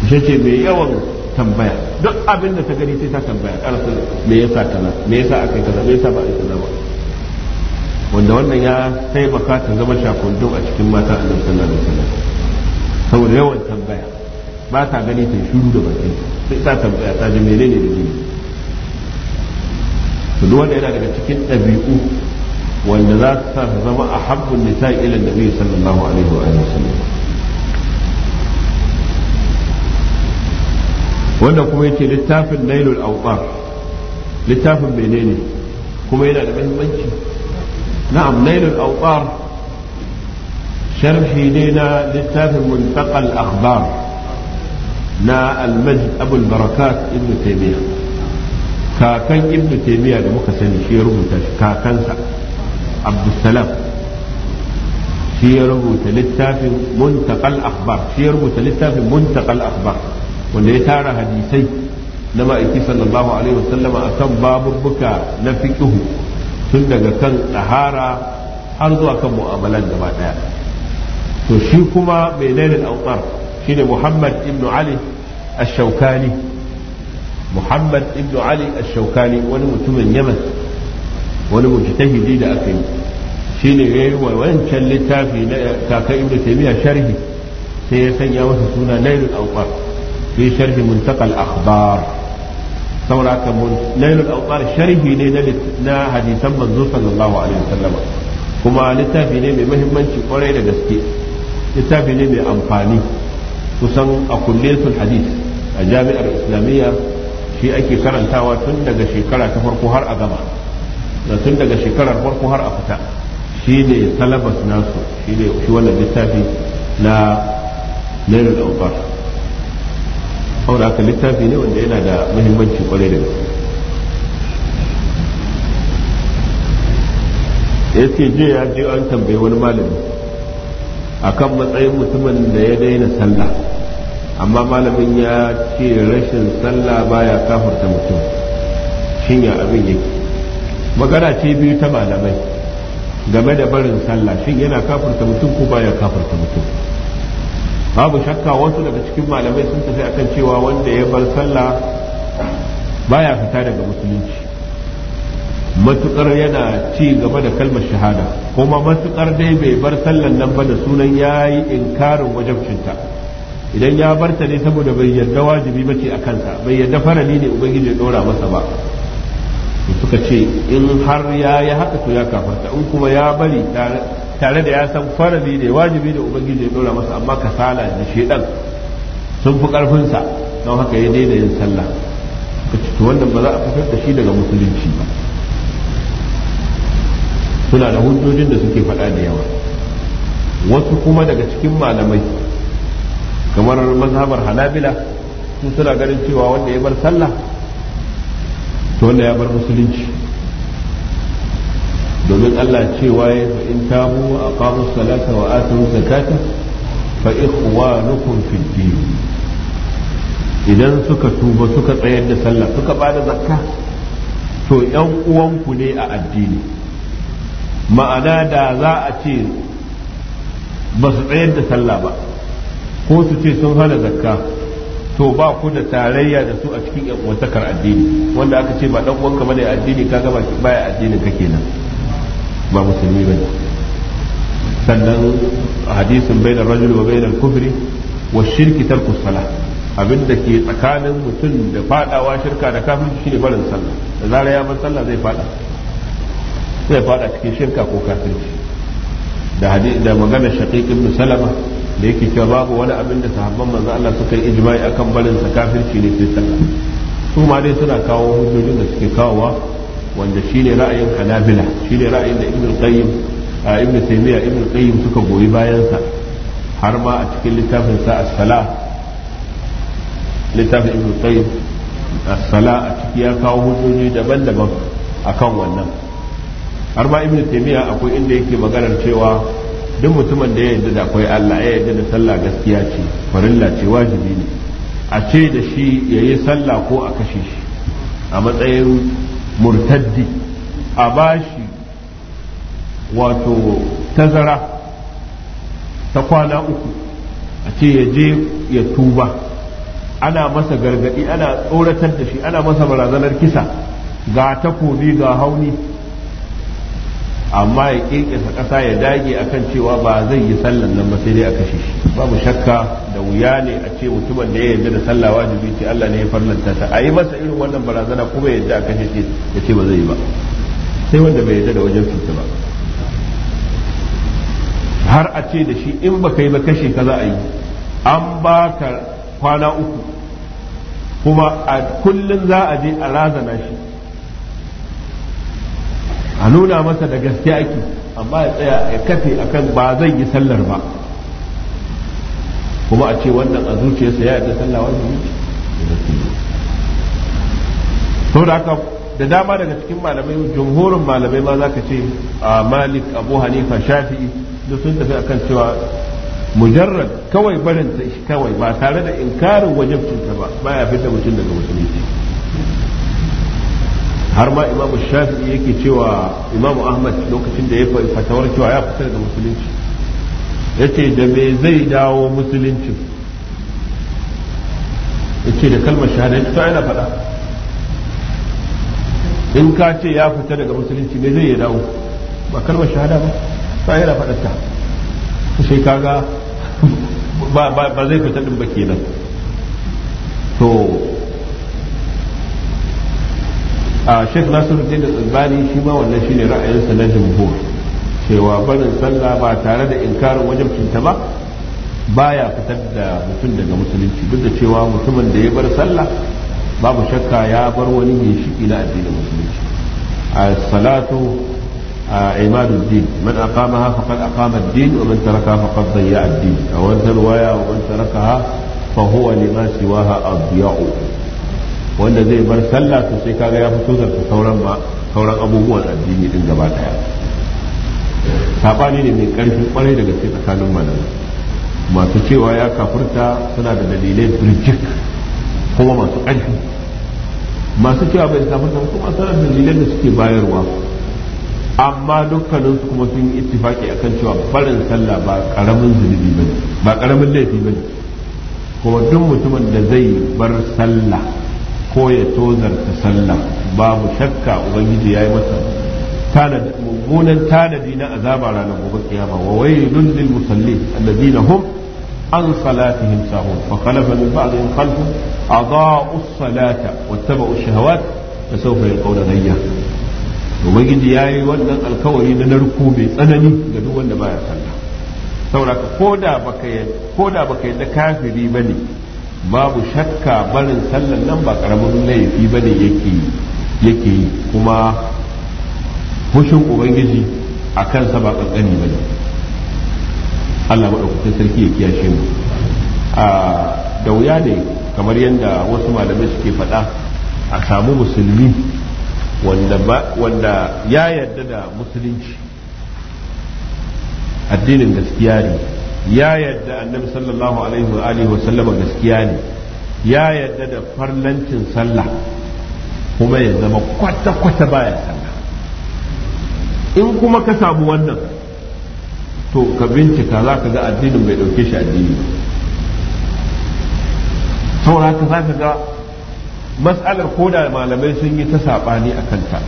ce mai yawan tambaya duk abin da ta gani sai ta tambaya karasa me yasa kaza me yasa aka yi kaza me yasa ba a yi kaza ba wanda wannan ya taimaka ta zama shakundun a cikin mata a sallallahu da wasallam saboda yawan tambaya ba ta gani ta shiru da baki sai ta tambaya ta ji menene da ni to duk wanda yana daga cikin ɗabi'u wanda za ta sa zama a habbun nisa ila nabi sallallahu alaihi wa sallam wanda kuma yake littafin nailul awqaf littafin menene kuma yana da muhimmanci na'am nailul awqaf sharhi ne na littafin muntaqal akhbar na almanhaj abul barakat ibn taymiya kakan ibn taymiya da muka sani shi ya rubuta shi kakansa abdussalam shi ya rubuta littafin muntaqal akhbar shi ya rubuta littafin muntaqal akhbar wanda ya tara hadisai na ma'aiki sallallahu alaihi wasallama akan babubuka na fiqhu tun daga kan tsahara har zuwa kan mu'amalan gaba daya to shi kuma mai nailin autar ne muhammad ibnu ali الشوكاني محمد ابن علي الشوكاني wani mutumin yaman wani mujtahidi da aka yi shine yayi wa wancan littafi na kaka ibnu taymiya sharhi sai ya sanya masa suna nailul awqar fi sharhi muntaqa al akhbar saboda ka nailul awqar sharhi ne na hadisan manzo sallallahu alaihi wasallam kuma littafi ne mai muhimmanci kwarai da gaske littafi ne mai amfani kusan a kulletul hadith a jami'ar islamiyya shi ake karantawa tun daga shekara ta farko har a gama da tun daga shekarar farko har a fita shi ne talabas nasu shi ne shi wannan littafi na nairul aubar saboda haka littafi ne wanda yana da muhimmanci kwarai da gaske ya ce je ya je an tambayi wani malami akan matsayin mutumin da ya daina sallah amma malamin ya ce rashin sallah baya kafarta mutum shin ya abin yake magana ce biyu ta malamai game da barin sallah shin yana kafarta mutum ko baya kafarta mutum babu shakka wasu daga cikin malamai sun tafi akan cewa wanda ya bar sallah baya fita daga musulunci matukar yana ci gaba da kalmar shahada kuma matukar dai bai bar sallan nan ba da sunan yayi inkarin wajabcinta idan ya barta ne saboda bai yarda wajibi ba bace a kansa bai yarda farali ne ubangiji ya dora masa ba suka ce in har ya yi haka to ya kafarta in kuma ya bari tare da ya san farali ne wajibi da ubangiji ya dora masa amma kasala da shedan sun fi karfinsa don haka ya daina yin sallah suka ce to wannan ba za a fitar da shi daga musulunci ba suna da hujjojin da suke faɗa da yawa wasu kuma daga cikin malamai kamar mazhabar hanabila sun suna ganin cewa wanda ya bar sallah to wanda ya bar musulunci domin Allah cewa ya fa in tabu a qamu salata wa atu zakata fa ikhwanukum fid din idan suka tuba suka tsayar da sallah suka bada zakka to yan uwanku ne a addini ma'ana da za a ce ba su tsayar da sallah ba ko su ce sun hana zakka to ba ku da tarayya da su a cikin yan'uwantakar addini wanda aka ce ba dan uwanka bane addini kaga ba baya addinin ka kenan ba musulmi bane sannan hadisin bainar rajul wa bainar kufri wa shirki tarku salah abinda ke tsakanin mutum da fadawa shirka da kafirci shine barin sallah da zara ya bar sallah zai fada zai fada cikin shirka ko kafirci da hadisi da magana shaqiq ibn salama da yake cewa babu wani abin da sahabban manzo Allah suka yi ijma'i akan barin sa kafirci ne sai sallah su ma dai suna kawo hujjojin da suke kawowa wanda shine ra'ayin Hanabila shine ra'ayin da Ibn Qayyim a Ibn Taymiyyah Ibn Qayyim suka goyi bayan sa har ma a cikin littafin sa as-salah littafin Ibn Qayyim as-salah a ciki ya kawo hujjoji daban-daban akan wannan har ma Ibn Taymiyyah akwai inda yake maganar cewa duk mutumin da ya yarda da akwai Allah ya yarda da sallah gaskiya ce farilla ce wajibi ne a ce da shi ya yi sallah ko a kashe shi a matsayin murtaddi a bashi wato tazara ta kwana uku a ce ya je ya tuba ana masa gargadi ana tsoratar da shi ana masa barazanar kisa ga takobi ga hauni amma ya kirkisa ƙasa ya dage akan cewa ba zai yi sallan nan ba sai dai a kashe shi babu shakka da wuya ne a ce mutumin da ya yarda da sallah wajibi ce Allah ne ya farlanta ta a yi masa irin wannan barazana kuma ya yarda a kashe shi ya ce ba zai yi ba sai wanda bai yarda da wajen fita ba har a ce da shi in ba kai ba kashe ka za a yi an ba ka kwana uku kuma a kullum za a je a razana shi a nuna masa da gaskiya ake amma ya tsaya ya kafe akan ba zai yi sallar ba kuma a ce wannan a zuciyarsa ya yarda sallah wajibi to da haka da dama daga cikin malamai jumhurin malamai ma zaka ce a malik abu hanifa shafi'i duk sun tafi akan cewa mujarrad kawai barin ta kawai ba tare da inkarin wajabcinta ba baya fitar mutum daga musulunci har ma imamu shafi'i yake cewa imamu ahmad lokacin da ya fatawar cewa ya fita daga musulunci ya ce da me zai dawo musulunci ya ce da kalmar shahada ya fita yana faɗa in ka ce ya fita daga musulunci me zai ya dawo ba kalmar shahada ba ta yana faɗa ta sai kaga [laughs] ba zai fita ɗin ba kenan to a shek nasiruddin da tsibani shi ma wannan shine ra'ayinsa na jumhur cewa barin sallah ba tare da inkarin wajibcinta ba baya fitar da mutum daga musulunci duk da cewa mutumin da ya bar sallah babu shakka ya bar wani ginshiki na addinin musulunci a salatu a din man aqamaha faqad aqama ad-din wa man tarakaha faqad dayya ad-din a wannan riwaya wa man tarakaha fa huwa lima siwaha adya'u wanda zai bar sallah to sai kaga ya fito da sauran ba sauran abubuwan addini din gaba daya sabani ne mai karfi kwarai daga gaske tsakanin malamai masu cewa ya kafurta suna da dalilai birjik kuma masu ƙarfi masu cewa bai kafurta kuma suna da dalilai da suke bayarwa amma dukkaninsu kuma sun yi ittifaki akan cewa barin sallah ba karamin zunubi bane ba karamin laifi bane kuma duk mutumin da zai bar sallah ko ya tozarta sallah babu shakka ubangiji ya yi masa mummunan tanadi na azaba ranar gobe kiyama wa wailun lil musallin alladhina hum an salatihim sahun fa khalafa min ba'dihim khalfun adaa'u as-salata wattaba'u ash-shahawat fa sawfa yalqawna ghayya ubangiji ya yi wannan alkawari na narku mai tsanani ga duk wanda baya sallah saboda ko da baka yadda kafiri bane babu shakka barin sallan nan ba karamin laifi ba ne yake yi kuma fushin ubangiji a kansa ba kankani ba ne allah maɗaukacin sarki ya kiyashe mu a da wuya ne kamar yadda wasu malamai suke faɗa a samu musulmi wanda ya yarda da musulunci addinin gaskiya ne ya yadda annabi sallallahu alaihi wa alihi wa sallama gaskiya ne ya yadda da farlancin sallah kuma ya zama kwata-kwata baya sallah in kuma ka samu wannan to ka bincika za ka ga addinin bai dauke shi addini ba saboda za ka ga matsalar koda malamai sun yi ta saɓani a kanta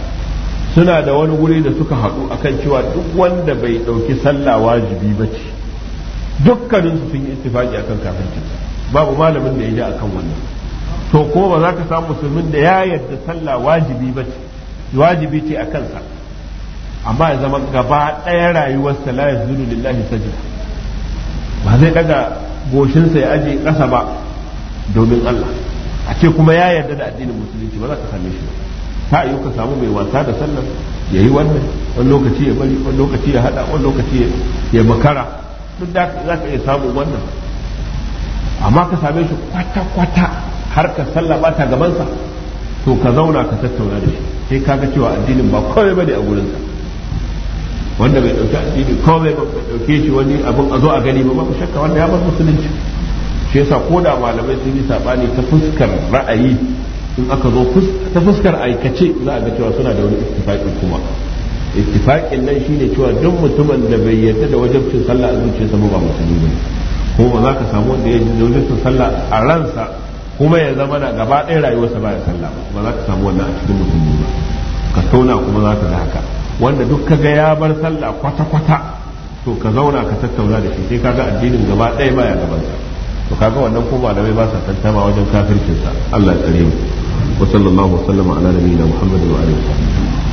suna da wani wuri da suka haɗu akan cewa duk wanda bai ɗauki sallah wajibi ba ce dukkaninsu sun yi istifaki akan kafirci babu malamin da ya ji akan wannan to ko ba za ka samu musulmin da ya yarda sallah wajibi ba ce wajibi ce a kansa amma ya zama gaba ɗaya rayuwarsa la yazulu lillahi sajda ba zai daga goshinsa ya aje ƙasa ba domin Allah a ce kuma ya yarda da addinin musulunci ba za ka same shi ba ta yi ka samu mai wasa da sallar ya yi wannan wani lokaci ya bari wani lokaci ya hada wani lokaci ya makara duk da za ka iya samu wannan amma ka same shi kwata-kwata har ka ba ta gabansa to ka zauna ka tattauna da shi sai ka ga cewa addinin ba komai bane a gurinsa wanda bai dauki addini komai bai dauke shi wani abin a zo a gani ba ba shakka wanda ya bar musulunci shi yasa ko da malamai sun yi sabani ta fuskar ra'ayi in aka zo ta fuskar aikace za a ga cewa suna da wani ittifaqi kuma ittifaqin nan shine cewa duk mutumin da bai yarda da wajibcin sallah a zuciyarsa ba musulmi bane ko ba za ka samu wanda ya da wajibcin sallah a ransa kuma ya zama na gaba ɗaya rayuwarsa ba ya sallah ba za ka samu wannan a cikin musulmi ba ka tona kuma za ka ga haka wanda duk ga ya bar sallah kwata-kwata to ka zauna ka tattauna da shi sai ka ga addinin gaba ɗaya ba ya gaban gabansa to kaga wannan ko malamai ba sa tantama wajen kafircinsa Allah ya tsare mu wa sallallahu wa sallama ala nabiyina Muhammadin wa alihi